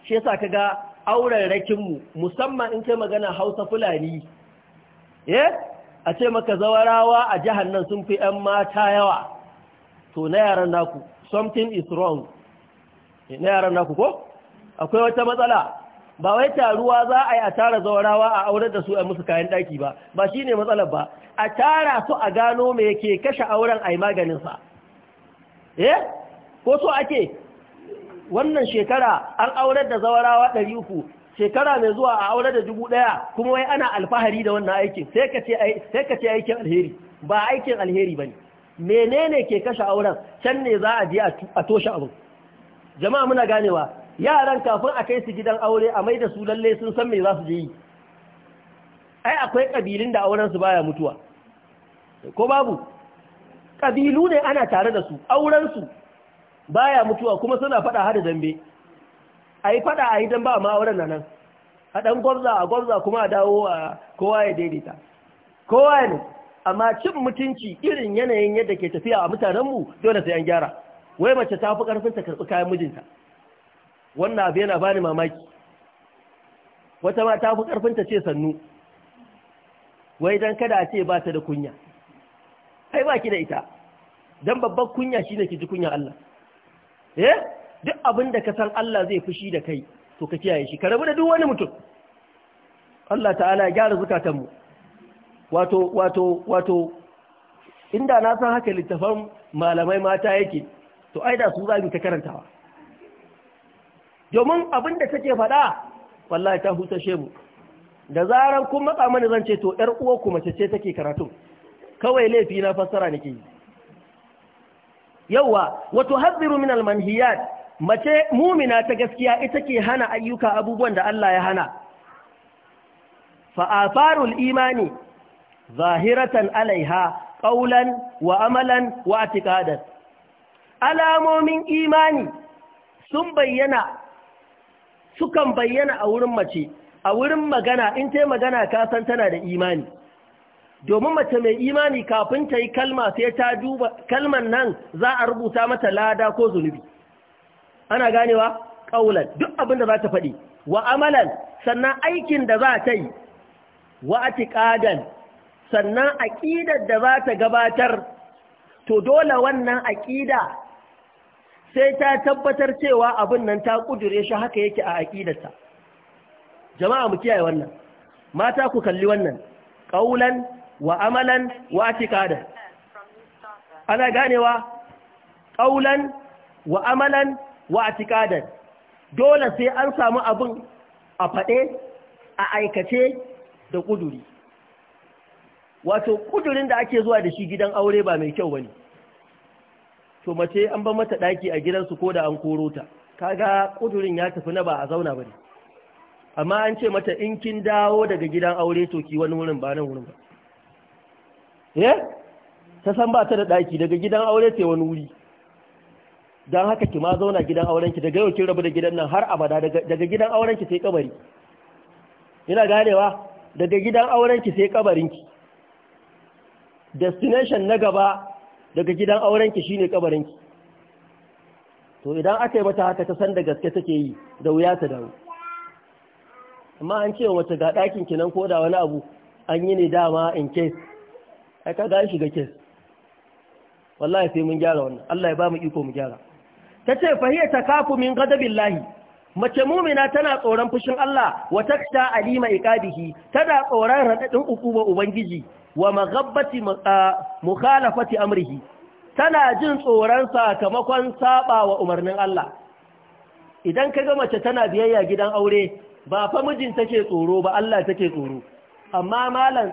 shi yasa ka ga auren mu musamman in kai magana hausa fulani eh a ce maka zawarawa a jihar nan sun fi 'yan mata yawa to na yaran naku something is wrong na yaran naku ko akwai wata matsala ba wai taruwa za a yi a tara zaurawa a aurar da su a musu kayan daki ba ba shi ne matsalar ba a tara su a gano me yake kashe auren a yi maganinsa eh ko so ake wannan shekara an aurar da zaurawa ɗari shekara mai zuwa a aurar da dubu ɗaya kuma wai ana alfahari da wannan aikin sai ka ce aikin alheri ba aikin alheri ba ne menene ke kashe auren can ne za a je a toshe abin jama'a muna ganewa yaran kafin a kai su gidan aure a mai da su lalle sun san me za su je yi ai akwai kabilun da auren su baya mutuwa ko babu Kabilu ne ana tare da su auren su baya mutuwa kuma suna faɗa har zambe ai faɗa a yi ba ma auren nan a dan gwarza a gwarza kuma a dawo a kowa ya daidaita kowa ya ne amma cin mutunci irin yanayin yadda ke tafiya a mutanenmu dole sai an gyara wai mace ta fi ƙarfin ta karɓi kayan mijinta wannan abu yana bani mamaki wata ma ta fi ƙarfin ta ce sannu wai dan kada a ce ba ta da kunya ai ba ki da ita dan babban kunya shine ki ji kunya Allah eh duk abin da ka san Allah zai fushi da kai to ka kiyaye shi ka rabu da duk wani mutum Allah ta'ala ya gyara zukatanmu mu wato wato wato inda na san haka littafan malamai mata yake to ai da su za mu ta karantawa domin abin da take faɗa wallahi ta huta mu da zaran kun matsa mani zan ce to ƴar uwa ku mace ce take karatu kawai laifi na fassara nake yi yawa wato hadziru min almanhiyat mace mumina ta gaskiya ita ke hana ayyuka abubuwan da Allah ya hana fa afarul imani zahiratan alaiha ƙaulan wa amalan wa alamomin imani sun bayyana sukan bayyana a wurin mace a wurin magana in ta magana ka san tana da imani domin mace mai imani kafin ta yi kalma sai ta duba kalman nan za a rubuta mata lada ko zunubi ana ganewa ƙaulan duk abin da za ta faɗi wa amalan sannan aikin da za ta yi wa atikadan sannan aƙidar da za ta gabatar to dole wannan aƙida sai ta tabbatar cewa abin nan ta ƙudure shi haka yake a aƙidarta jama'a mu kiyaye wannan mata ku kalli wannan ƙaulan wa amalan wa atikada ana ganewa ƙaulan wa amalan wa atikada dole sai an samu abin a faɗe a aikace da ƙuduri wato kudurin da ake zuwa da shi gidan aure ba mai kyau wani to mace an ban mata daki a gidansu ko da an koro ta kaga kudurin ya tafi na ba a zauna ba ne. amma an ce mata in kin dawo daga gidan aure to ki wani wurin ba nan wurin ba eh ta san ba ta da daki daga gidan aure sai wani wuri don haka ki ma zauna gidan aurenki daga yau kin rabu da gidan nan har abada daga gidan aurenki sai kabari ina ganewa daga gidan aurenki sai kabarinki destination na gaba daga gidan aurenki shine kabarinki to idan aka yi mata haka ta san da gaske take yi da wuya ta dawo amma an ce wata ga ɗakin kinan ko da wani abu an yi ne dama in case ai ka ga shiga case wallahi sai mun gyara wannan Allah ya ba mu iko mu gyara Ta tace fahiya kafu min ghadabillahi mace mumina tana tsoron fushin Allah wa takta alima iqabihi tana tsoron radadin ukuba ubangiji wa maghabbati uh, mukhalafati amrihi tana jin tsoron sakamakon saba wa umarnin Allah idan kaga mace tana biyayya gidan aure ba fa mijin take tsoro ba Allah take tsoro amma malam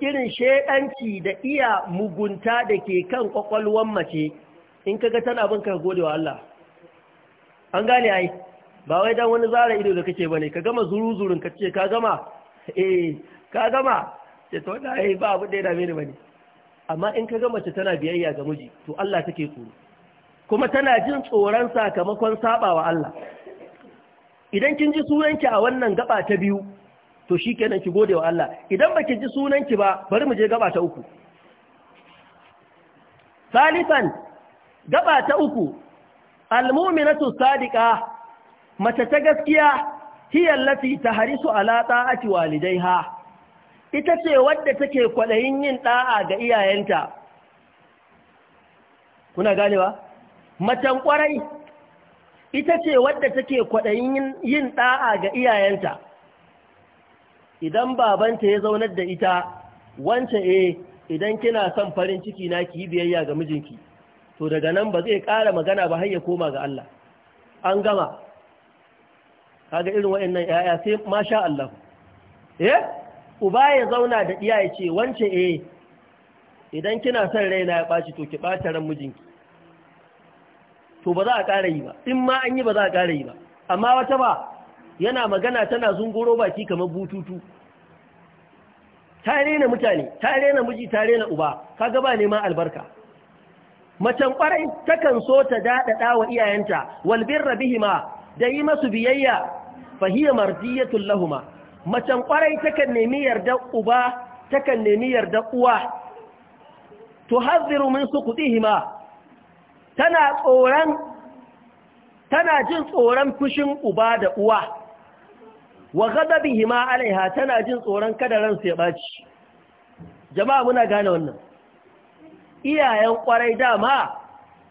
irin shedanci da iya mugunta da ke kan kwakwalwan mace in kaga tana bin ka gode wa Allah an gane ai ba wai dan wani zara ido da kake bane ka gama zuruzurin ka ce ka gama eh ka gama ce to da ai ba abu da ya dame ni bane amma in ka gama ce tana biyayya ga miji to Allah take tsoro kuma tana jin tsoron sakamakon sabawa Allah idan kin ji sunanki a wannan gaba ta biyu to shikenan ki gode wa Allah idan baki ji sunanki ba bari mu je gaba ta uku salisan gaba ta uku almuminatu sadiqa mace ta gaskiya Hiyar lati a ci Walidai ha, ita ce wadda take kwaɗayin yin ɗa'a ga iyayenta kuna gane ba, matan ƙwarai, ita ce wadda take kwaɗayin yin ɗa'a ga iyayenta idan babanta ya zaunar da ita wance e idan kina son farin ciki na ki biyayya ga mijinki to daga nan ba zai ƙara magana ba har ya koma ga Allah an gama kaga irin waɗannan ‘ya'ya sai masha Allah eh uba ya zauna da iya ya ce wance eh idan kina son raina ya ɓaci to ki ɓata ran mijinki to ba za a ƙara yi ba in ma an yi ba za a ƙara yi ba amma wata ba yana magana tana zunguro baki kamar bututu Tare na mutane tare na miji tare na uba kaga ba neman albarka macen kwarai takan so ta daɗaɗa wa iyayenta walbin rabihima da yi masu biyayya fahiyya marjiyatul lahuma macen kwarai takan nemi yarda uba takan nemi yarda uwa tuhazziru min tana tsoron tana jin tsoron fushin uba da uwa wa ghadabihima alaiha tana jin tsoron kada ran sai baci jama'a muna gane wannan iyayen kwarai dama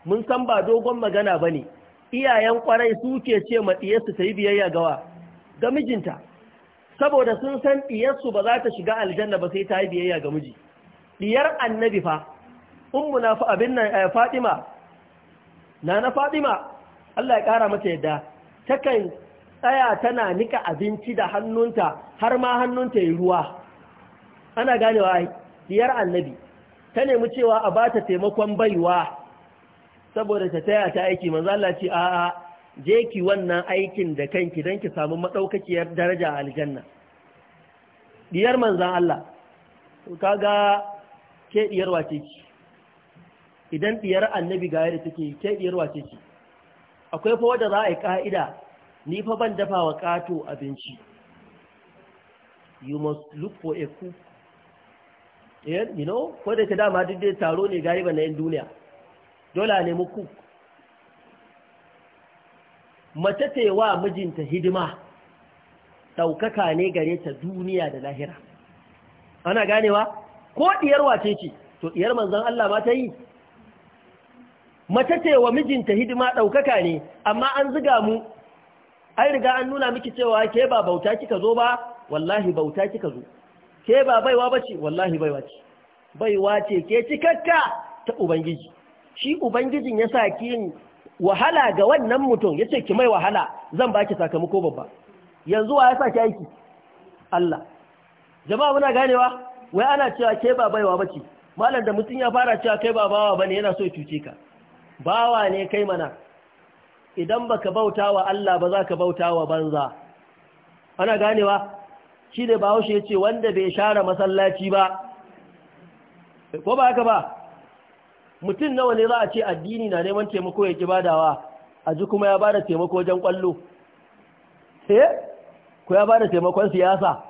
mun san ba dogon magana bane iyayen kwarai suke ce matsiye su ta yi biyayya gawa ga mijinta saboda sun san ɗiyarsu ba za ta shiga aljanna ba sai ta yi biyayya ga miji ɗiyar annabi fa ummuna fa abin nan eh, fatima na na fatima Allah ya ƙara mata yadda takan tsaya tana nika abinci da hannunta har ma hannunta yi ruwa ana ganewa ai Ɗiyar annabi ta nemi cewa a ba ta taimakon baiwa saboda ta taya ta aiki manzo Allah a'a je ki wannan aikin da kanki don ki samu maɗaukakiyar daraja a aljanna diyar manzan Allah ka ga ke diyar wace ki idan diyar annabi ga yadda take ke diyar wace ki akwai fa wadda za a yi ka'ida ni fa ban dafa wa ƙato abinci you must look for a cook eh, you know ko da ta dama duk dai taro ne gariba na yin duniya dole a nemi cook mace wa mijinta hidima ɗaukaka ne gare ta duniya da lahira ana ganewa ko ɗiyar wace ce to ɗiyar manzan Allah ma ta yi mace wa mijinta hidima ɗaukaka ne amma an ziga mu ai riga an nuna miki cewa ke ba bauta kika zo ba wallahi bauta kika zo ke ba baiwa ba ce? wallahi baiwa ce baiwa ce ke cikakka ta ubangiji shi ubangijin ya sa ki yin wahala ga wannan mutum ya ce ki mai wahala zan baki sakamako babba yanzu wa ya sa ki aiki Allah jama'a muna ganewa wai ana cewa ke ba baiwa bace malam da mutum ya fara cewa kai ba bawa bane yana so ya cuce ka bawa ne kai mana idan baka bauta wa Allah ba za ka bauta wa banza ana ganewa shi ne bahaushe ya ce wanda bai share masallaci ba ko ba haka ba mutum nawa ne za a ce addini na neman taimako ya ki badawa a ji kuma ya bada taimako wajen kwallo E, eh? ko ya bada taimakon siyasa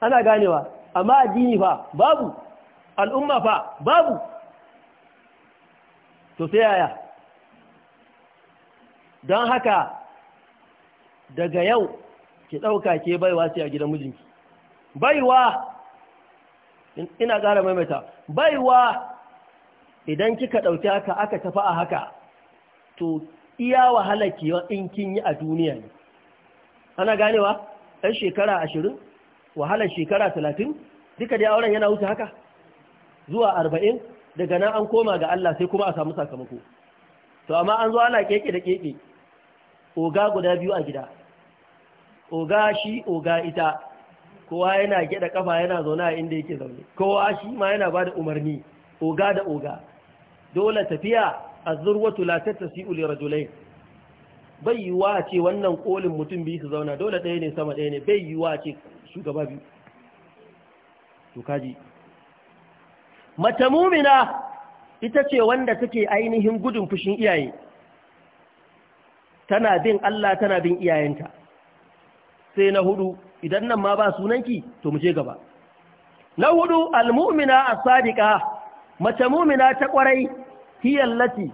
ana ganewa amma addini fa babu al'umma fa babu to sai yaya don haka daga yau ki ɗauka ke baiwa sai a gidan mijinki baiwa ina ƙara maimaita baiwa idan kika ɗauki haka aka tafi a haka to iya wahala kewa in kin yi a duniya ne ana ganewa ɗan shekara ashirin wahalar shekara talatin duka dai auren yana wuce haka zuwa arba'in daga nan an koma ga Allah sai kuma a samu sakamako to amma an zo ana keke da keke oga guda biyu a gida oga shi oga ita kowa yana gida kafa yana zaune a inda yake zaune kowa shi ma yana bada umarni oga da oga dole tafiya azurwatu la tattasi'u ule rajulai bai wa ce wannan kolin mutum biyu su zauna dole ɗaya ne sama ɗaya ne bai wa ce shugaba biyu Tukaji. kaji mace mumina ita ce wanda take ainihin gudun fushin iyaye tana bin Allah tana bin iyayenta sai na hudu idan nan ma ba sunanki to mu je gaba na hudu almu'mina as-sadiqa mace mumina ta kwarai hiyallati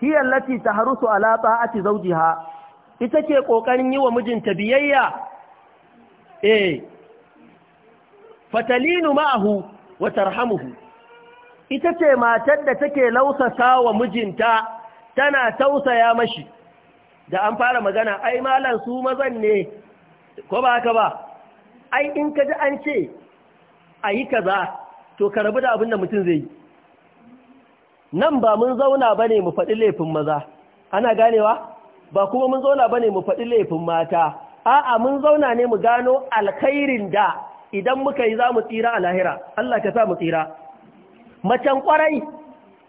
hiyallati taharusu ala ta'ati zawjiha ita ce kokarin yi wa mijinta biyayya eh fatalinu ma'ahu wa tarhamuhu ita ce matar da take lausasa wa mijinta tana tausaya mashi da an fara magana ai malan su mazan ne ko ba haka ba ai in ka ji an ce a yi kaza to ka rabu da abin da mutum zai yi nan ba mun zauna ba ne mu faɗi laifin maza ana ganewa ba kuma mun zauna ba ne mu faɗi laifin mata a'a mun zauna ne mu gano alkhairin da idan muka yi za mu tsira a lahira Allah ka sa mu tsira macen kwarai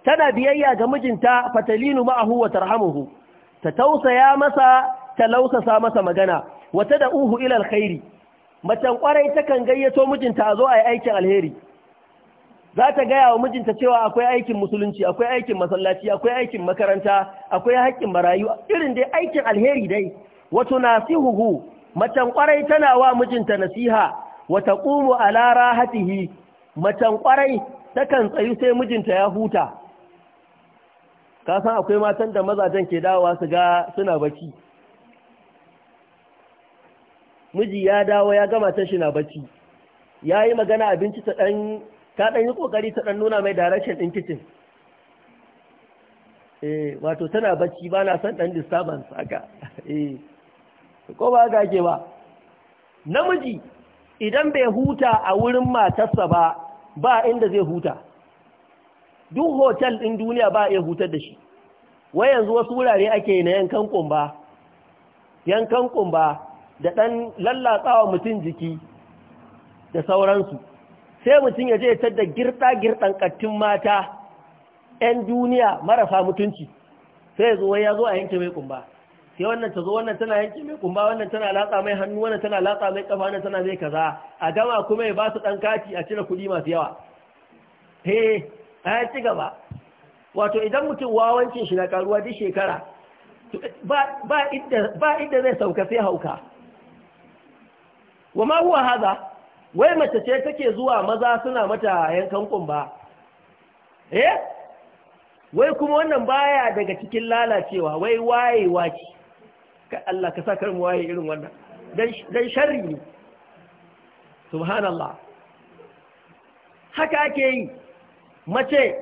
tana biyayya ga mijinta fatalinu ma'ahu wa tarhamuhu ta tausaya masa ta lausasa masa magana wata da uhu ilal alkhairi macen kwarai takan gayyato mijinta a zo a yi aikin alheri za ta gaya wa mijinta cewa akwai aikin musulunci akwai aikin masallaci akwai aikin makaranta akwai haƙƙin marayu irin dai aikin alheri dai wato nasihuhu macen kwarai tana wa mijinta nasiha wa taqumu ala rahatihi macen kwarai takan tsayu sai mijinta ya huta ka san akwai matan da mazajen ke dawowa su ga suna bacci miji ya dawo ya gama ta shi na bacci ya yi magana abinci ta ɗan Ka ɗan yi ƙoƙari ta ɗan nuna mai direction ɗin kitchen eh wato tana bacci ba na son ɗan disturbance haka eh ko ba ga ke ba namiji idan bai huta a wurin matarsa ba ba inda zai huta duk hotel ɗin duniya ba iya hutar da shi wai yanzu wasu wurare ake na yankan kumba yankan kumba da ɗan lallatsawa mutum jiki da sauransu sai mutum ya je ya tadda girɗa girɗan kattun mata 'yan duniya marasa mutunci sai ya zo ya zo a yanke mai kumba sai wannan ta zo wannan tana yanke mai kumba wannan tana latsa mai hannu wannan tana latsa mai kafa wannan tana mai kaza a gama kuma ya ba su dan kati a cire kuɗi masu yawa he a ci gaba wato idan mutum wawancin shi na karuwa duk shekara ba inda zai sauka sai hauka wa ma huwa haza wai mace ce take zuwa maza suna mata yankan kumba eh wai kuma wannan baya daga cikin lalacewa wai wayewa ce ka Allah ka saka mu waye irin wannan dan sharri ne subhanallah haka ake yi mace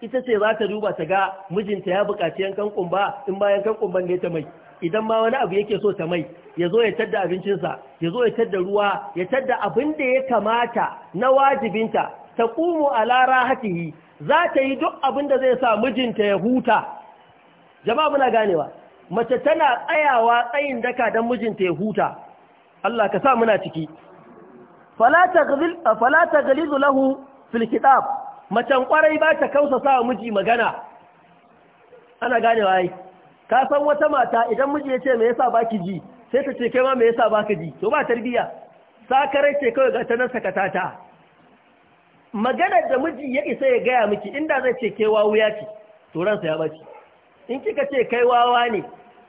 ita ce za ta duba ta ga mijinta ya buƙaci yankan kumba in ba yankan kumban ne ta mai idan ma wani abu yake so ta mai ya zo ya tadda abincinsa ya zo ya tadda ruwa ya tadda abin da ya kamata na wajibinta ta kumu a lara hatihi, za ta yi duk abin da zai sa mijinta ya huta jama'a muna ganewa mace tana tsayawa tsayin daka don mijinta ya huta Allah ka sa muna ciki fala ta galizu lahu fil macen kwarai ba ta kausa sa miji magana ana ganewa ai ka san wata mata idan miji ya ce me yasa baki ji sai ta ce kai ma me yasa baka ji to ba tarbiya sakarai ce kawai ga ta nan ta maganar da miji ya isa ya gaya miki inda zai ce kai ya ce to ransa ya baci in kika ce kai wawa ne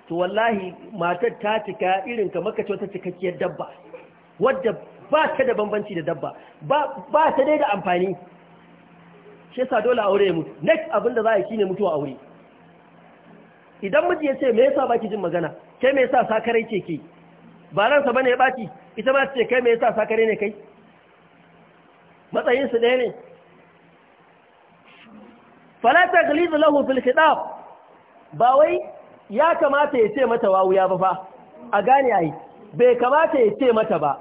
to wallahi matar ta cika irin ka maka wata cikakkiyar dabba wadda ba ta da bambanci da dabba ba ta dai da amfani shi sa dole aure ya mutu next abinda za a yi mutuwa aure idan miji ya ce me yasa baki jin magana kai me yasa sakare ce ke ba ransa ba ne ya ɓaci ita ba ce kai me yasa sakare ne kai matsayinsu ɗaya ne Falata taglizu lahu fil ba wai ya kamata ya ce mata wawuya ba fa a gane yi, bai kamata ya ce mata ba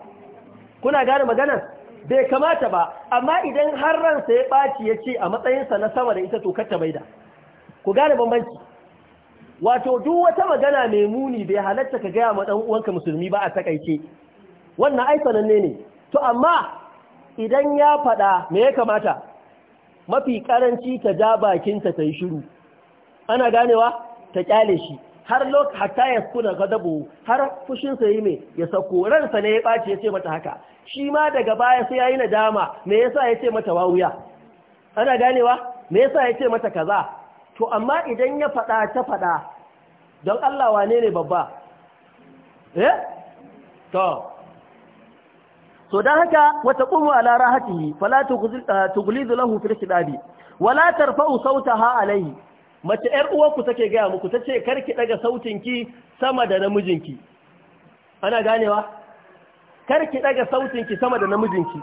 kuna gane maganar bai kamata ba amma idan har ransa ya ɓaci ya ce a matsayinsa na sama da ita to kar ta maida ku gane bambanci wato duk wata magana mai muni bai halatta ka gaya ma uwanka musulmi ba a takaice wannan ai sananne ne to amma idan ya faɗa me ya kamata mafi karanci ta ja bakinta ta yi shiru ana ganewa ta kyale shi har lokacin hatta ya kuna gadabu har fushinsa yi mai ya sako ransa ne ya ɓace ya ce mata haka shi ma daga baya sai ya yi nadama me yasa ya ce mata wawuya ana ganewa me yasa ya ce mata kaza to amma idan ya faɗa ta faɗa don Allah wane ne babba eh to so dan haka wata qumu ala rahatihi fala tughlidu ah, lahu fil kidabi wala tarfa'u sautaha alayhi mace yar uwarku take gaya muku tace karki daga sautinki sama da namijinki ana ganewa karki daga sautinki sama da namijinki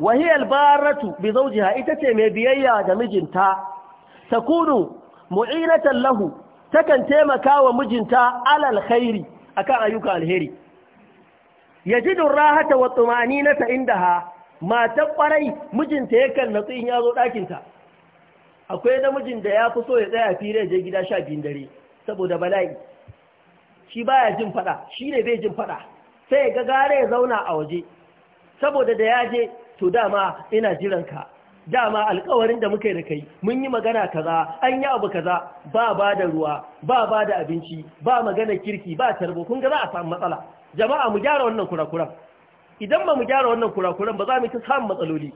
وهي البارة بزوجها إتتي مبيئة دمجنتا تكون معينة له takan taimaka wa mijinta alal khairi akan ayyuka alheri ya yajidu rahata wa inda ha, matan kwarai mijinta yakan natsu in yazo zo ta akwai namijin da ya fi so ya tsaya ya je gida sha biyun dare saboda bala'i shi baya jin faɗa, shi ne bai jin faɗa, sai ya ga gare ya zauna a waje saboda da ya je to dama ina jiranka dama alkawarin da muka yi da kai mun yi magana kaza an yi abu kaza ba ba da ruwa ba ba da abinci ba magana kirki ba tarbo kun ga za a samu matsala jama'a mu gyara wannan kurakuran idan ba mu gyara wannan kurakuran ba za mu ci samun matsaloli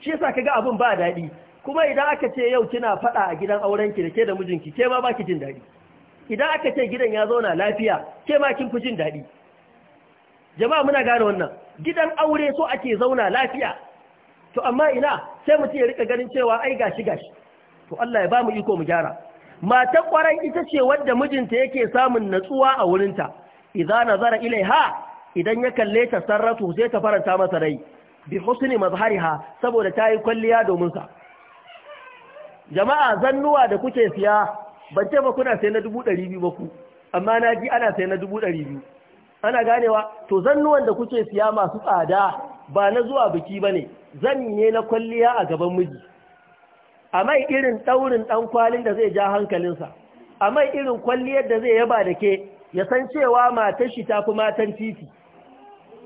shi yasa kaga abin ba daɗi kuma idan aka ce yau kina faɗa a gidan auren ki da ke da mijinki ke ma ba ki jin daɗi idan aka ce gidan ya zauna lafiya ke ma kin fi jin daɗi jama'a muna gane wannan gidan aure so ake zauna lafiya to amma ina sai mutum ya rika ganin cewa ai gashi gashi to Allah ya ba mu iko mu gyara mata kwarai ita ce wadda mijinta yake samun natsuwa a wurinta idza nazara ilaiha idan ya kalle ta sarratu sai ta faranta masa rai bi husni mazhariha saboda ta yi kwalliya domin sa jama'a zannuwa da kuke siya ban ce ba kuna sai na 200 ba ku amma na ji ana sai na 200 ana ganewa to zannuwan da kuke siya masu tsada ba na zuwa biki ba ne zan ne na kwalliya a gaban miji a mai irin ɗaurin ɗan kwalin da zai ja hankalinsa a mai irin kwalliyar da zai yaba da ke ya san cewa matar shi ta fi matan titi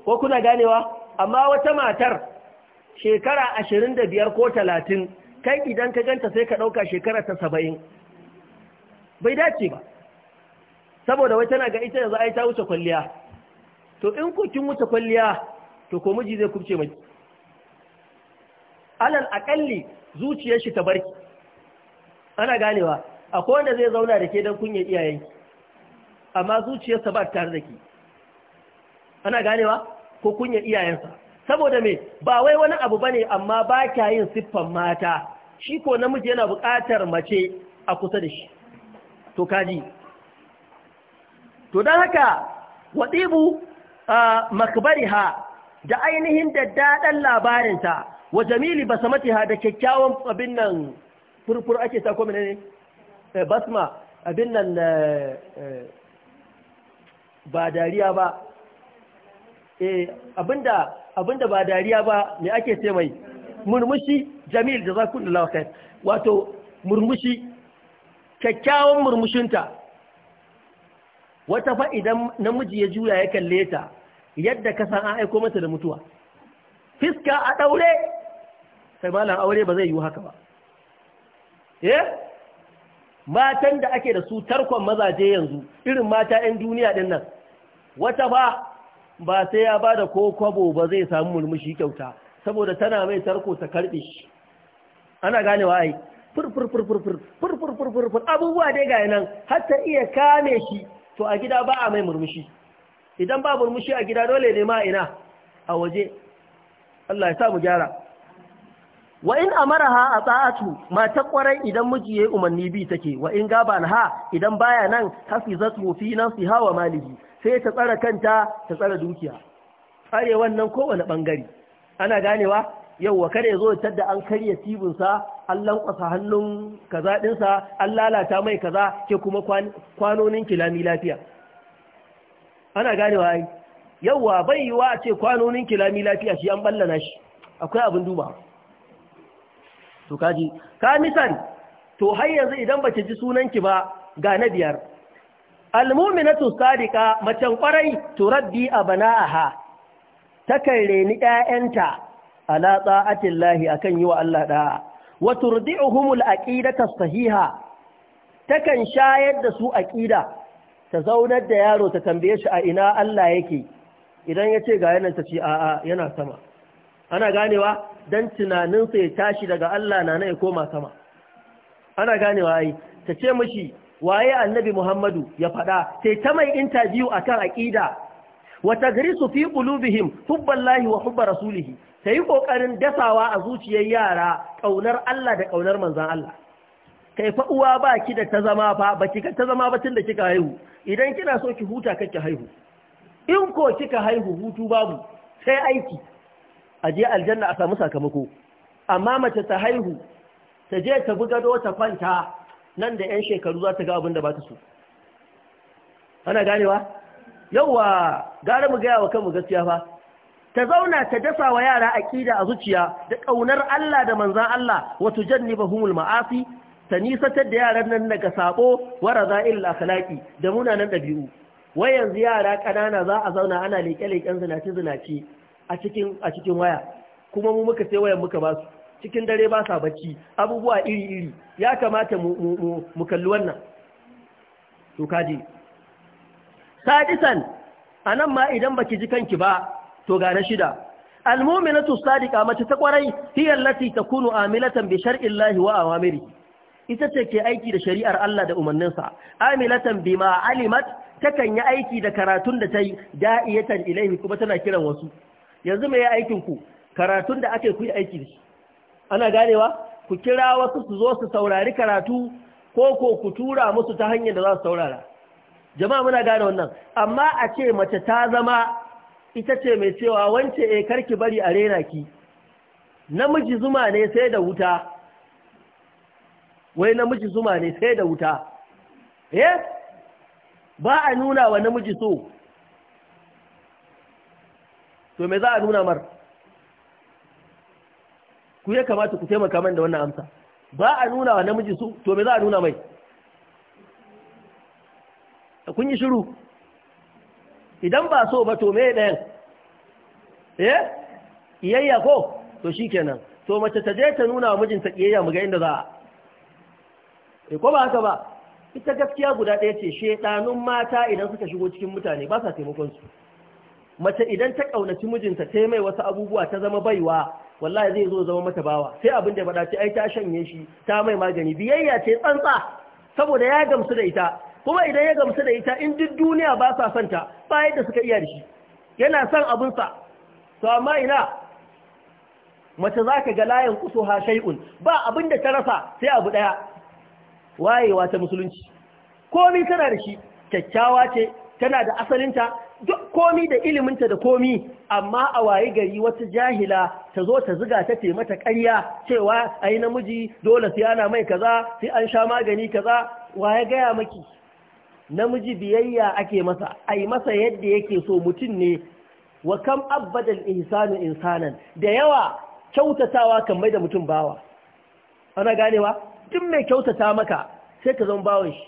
ko kuna ganewa amma wata matar shekara ashirin da biyar ko talatin kai idan ka ganta sai ka ɗauka shekara ta saba'in bai dace ba saboda wai tana ga ita yanzu ai ta wuce kwalliya to in kukin wuce kwalliya to ko miji zai kubce maki alal akalli zuciyar shi ta barki ana ganewa akwai wanda zai zauna da ke don kunya iyayenki amma zuciyarsa ba tare da ke ana ganewa ko kunya iyayensa saboda me ba wai wani abu bane amma ba kya yin siffan mata shi ko namiji yana buƙatar mace a kusa da shi to kaji to don haka waɗibu makbariha da ainihin daɗan labarinta wa jamili ha da kyakkyawan abin nan furfur ake sa ko ne eh, basma abin nan eh, eh, ba dariya ba eh abinda abinda ba dariya ba me ake ce mai murmushi jamil da za ku da lafiyar wato murmushi kyakkyawan murmushinta wata fa'idan namiji ya juya ya kalle ta yadda ka san an aiko mata da mutuwa fiska a daure sai malam aure ba zai yi haka ba eh matan da ake da su tarkon mazaje yanzu irin mata 'yan duniya din nan wata ba ba sai ya ba da kwabo ba zai samu murmushi kyauta saboda tana mai tarko ta karbe shi ana ganewa ai furfurfurfurfur abubuwa dai ga nan har ta iya kame shi to a gida ba a mai murmushi idan babu murmushi a gida dole ne ma ina a waje Allah ya sa mu gyara wa in amaraha ma ta kwarai idan miji yayi umarni bi take wa in gaban ha idan baya nan hafizatu fi su hawa malihi sai ta tsara kanta ta tsara dukiya tsare wannan kowane bangare ana ganewa yauwa kada ya zo tadda an karya sa an lankwasa hannun kaza ɗinsa an lalata mai kaza ke kuma kwanonin kilami lafiya ana ganewa ai yawa bai yiwa a ce kwanonin kilami lafiya shi an ballana shi akwai abin duba to kaji ka misali to har yanzu idan baki ji sunanki ba ga na biyar almuminatu sadiƙa, macen kwarai turabbi ta takan reni ƴaƴanta ala ta'atillahi akan yi wa Allah da'a wa turdi'uhumul aqidata sahiha takan shayar da su aqida ta zaunar da yaro ta tambaye shi a ina Allah yake idan ya ce ga yanan ta ce a'a yana sama ana ganewa don tunaninsa ya tashi daga Allah na na ya koma sama ana ganewa ai ta ce mashi waye annabi Muhammadu ya faɗa sai ta mai interview akan aƙida wa su fi qulubihim hubballahi wa hubba rasulihi sai ƙoƙarin dasawa a zuciyar yara ƙaunar Allah da ƙaunar manzan Allah kai fa uwa ba ki da ta zama fa ba ki ta zama ba tun da kika haihu idan kina so ki huta kake haihu in ko kika haihu hutu babu sai aiki a je aljanna a samu sakamako amma mace ta haihu ta je ta buga do ta kwanta nan da 'yan shekaru za ta ga abin da ba ta so ana ganewa yauwa gara mu gaya wa kanmu gaskiya fa ta zauna ta dasa wa yara aƙida a zuciya da ƙaunar Allah da manzan Allah wato tujannibahumul ma'asi ta nisatar da yaran nan daga sabo wa raza'il akhlaqi da munanan dabi'u wai yanzu yara kanana za a zauna ana leke-leken zinaci-zinaci a cikin a cikin waya kuma mu muka sai wayan muka basu cikin dare ba sa bacci abubuwa iri-iri ya kamata mu mu kalli wannan to kaje sadisan anan ma idan baki ji kanki ba to ga na shida المؤمنة الصادقة ما تتقوري هي التي تكون آملة بشرع الله وأوامره ita ce ke aiki da shari'ar Allah da umarninsa amilatan bima alimat takan yi aiki da karatun da ta yi da'iyatan ilaihi kuma tana kiran wasu yanzu me ya aikin ku karatun da ake ku yi aiki da shi ana ganewa ku kira wasu su zo su saurari karatu ko ko ku tura musu ta hanyar da za su saurara jama'a muna gane wannan amma a ce mace ta zama ita ce mai cewa wance eh karki bari a rena ki namiji zuma ne sai da wuta wai namiji zuma ne sai da wuta eh ba a nuna wa namiji so to me za a nuna mar ku ya kamata ku taimaka man da wannan amsa ba a nuna wa namiji so to me za a nuna mai kun yi shiru idan ba so ba to me ɗayan eh iyayya ko to shikenan to mace ta je ta nuna wa mijinta iyayya mu ga inda za a sai eh, ko ba haka ba ita gaskiya guda ɗaya ce shedanun mata idan suka shigo cikin mutane ba sa taimakon su mace idan ta kaunaci mijinta ta mai wasu abubuwa ta zama baiwa wallahi zai zo zama mata bawa sai abin da faɗa ai ta shanye shi ta mai magani biyayya ce tsantsa saboda ya gamsu da ita kuma idan ya gamsu da ita in duk duniya ba sa son ta ba yadda suka iya da shi yana son abin sa to amma ina mace zaka ga layin kusuha shay'un ba abin da ta rasa sai abu ɗaya. wayewa ta musulunci komi tana da shi kyakkyawa ce tana da asalinta duk komi da iliminta da komi amma a waye gari wata jahila ta zo ta ziga ta ce mata ƙarya cewa yi namiji dole sai ana mai kaza sai an sha magani kaza waye gaya maki namiji biyayya ake masa A yi masa yadda yake so mutum ne wa kam abbadal ihsanu insanan da yawa kyautatawa kan mai da mutum bawa ana ganewa duk mai kyautata maka sai ka zama bawon shi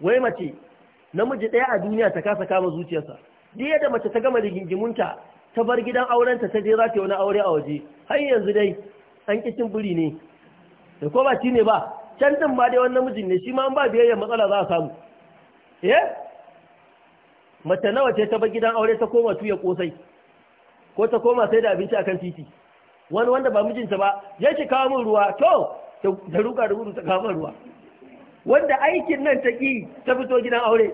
wai mace namiji ɗaya a duniya ta kasa kama zuciyarsa duk da mace ta gama rigingimunta ta bar gidan aurenta ta je za ta yi wani aure a waje har yanzu dai an ƙi buri ne da ko ba shi ne ba can din ba dai wani namijin ne shi ma an ba biyayya matsala za a samu eh mace nawa ce ta bar gidan aure ta koma tuya kosai ko ta koma sai da abinci akan titi wani wanda ba mijinta ba ya ce kawo min ruwa to da ruka da gudu ta kawo min ruwa wanda aikin nan ta ki ta fito gidan aure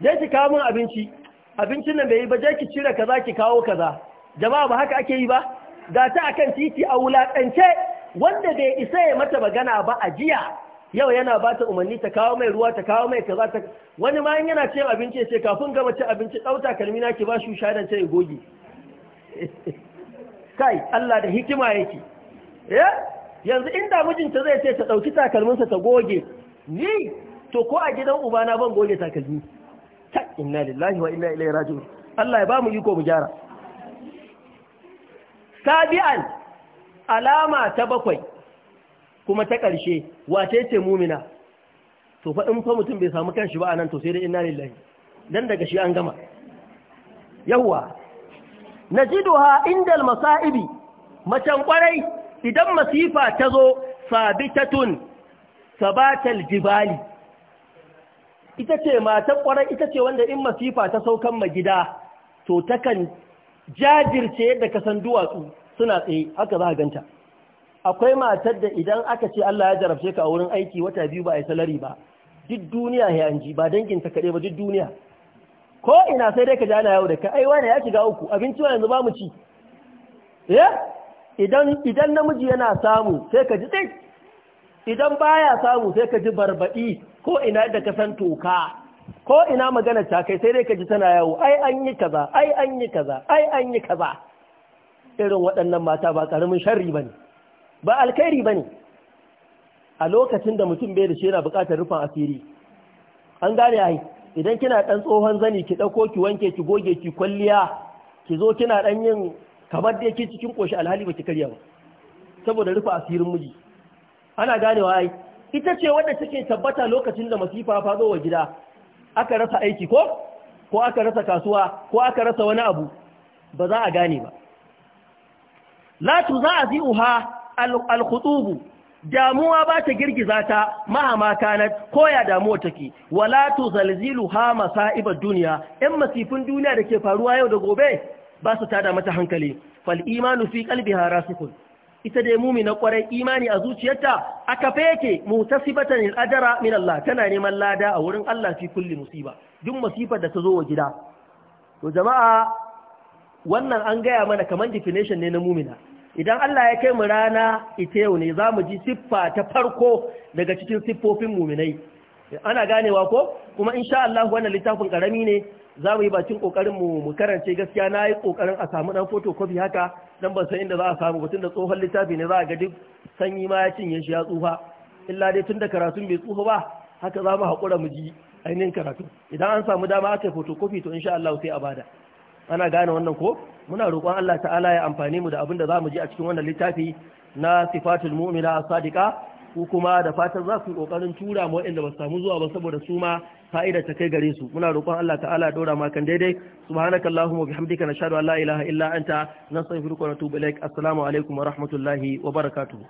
ya ce kawo min abinci abincin nan bai yi ba je ki cire kaza ki kawo kaza jama'a ba haka ake yi ba ga ta akan titi a wulakance wanda bai isa ya mata magana ba a jiya yau yana ba ta umarni ta kawo mai ruwa ta kawo mai kaza ta wani ma yana cin abinci ya ce kafin gama cin abinci ɗauta kalmina ki ba shi shaidan ce ya goge kai Allah da hikima yake eh? yanzu inda mijinta zai ce ta ɗauki takalminsa ta goge ni to ko a gidan ubana ban goge takalmi ta inna lillahi wa inna ilaihi raji'un Allah ya bamu iko mu gyara sabi'an alama ta bakwai kuma ta ƙarshe wace ce mumina to fa in fa mutum bai samu kanshi ba anan to sai da inna lillahi dan daga shi an gama yawwa najiduha inda masa'ibi macen kwarai idan masifa ta zo sabitatun sabatal jibali ita ce matan kwarai ita ce wanda in masifa ta saukan magida gida to takan jajirce yadda ka san duwatsu suna tsaye haka za a ganta akwai matar da idan aka ce Allah ya jarabce ka a wurin aiki wata biyu ba a yi salari ba duk duniya ya ji ba dangin ta kade ba duk duniya ko ina sai dai ka jana yau da ka ai ne ya shiga uku abinci yanzu ba mu ci idan idan namiji yana samu sai ka ji tsik idan baya samu sai ka ji barbaɗi ko ina da ka san toka ko ina magana ta kai sai dai ka ji tana yawo ai an yi kaza ai an yi kaza ai an yi kaza irin waɗannan mata ba karamin sharri bane ba alkhairi bane a lokacin da mutum bai da shi yana buƙatar rufin asiri an gane ai idan kina ɗan tsohon zani ki ɗauko ki wanke ki goge ki kwalliya ki zo kina ɗan yin kamar da yake cikin ƙoshi alhali ba ki karya ba saboda rufe asirin miji ana ganewa ai ita ce wadda take tabbata lokacin da masifa zo wa gida aka rasa aiki ko ko aka rasa kasuwa ko aka rasa wani abu ba za a gane ba la tuzazi'uha al-khutubu damuwa ba ta girgiza ta mahama kanat koya damuwa take wala zalzilu ha masa'ibad duniya in masifin duniya da ke faruwa yau da gobe ba su tada mata hankali fal imanu fi qalbiha rasikun ita dai mumina kwarai imani a zuciyarta aka yake mutasibatan al min Allah tana neman lada a wurin Allah fi kulli musiba duk masifar da ta zo wa gida to jama'a wannan an gaya mana kaman definition ne na mumina idan Allah ya kai mu rana ita yau ne za mu ji siffa ta farko daga cikin siffofin muminai ana ganewa ko kuma insha Allah wannan littafin karami ne za mu yi bakin kokarin mu mu karance gaskiya na yi kokarin a samu dan photocopy haka dan ban san inda za a samu batun da tsohon littafi ne za a ga duk sanyi ma ya cinye shi ya tsufa illa dai tunda karatun bai tsufa ba haka za mu haƙura mu ji ainihin karatu idan an samu dama aka yi photocopy to insha Allah sai a bada ana gane wannan ko muna roƙon Allah ta'ala ya amfani mu da abin da zamu ji a cikin wannan littafi na sifatul mu'mina as-sadiqa ko kuma da fatan za su yi kokarin tura mu waɗanda ba su samu zuwa ba saboda su ma fa'ida ta kai gare su muna roƙon Allah ta'ala ya dora makan daidai subhanakallahumma bihamdika nashhadu an la ilaha illa anta nastaghfiruka wa natubu ilaik assalamu alaikum wa rahmatullahi wa barakatuh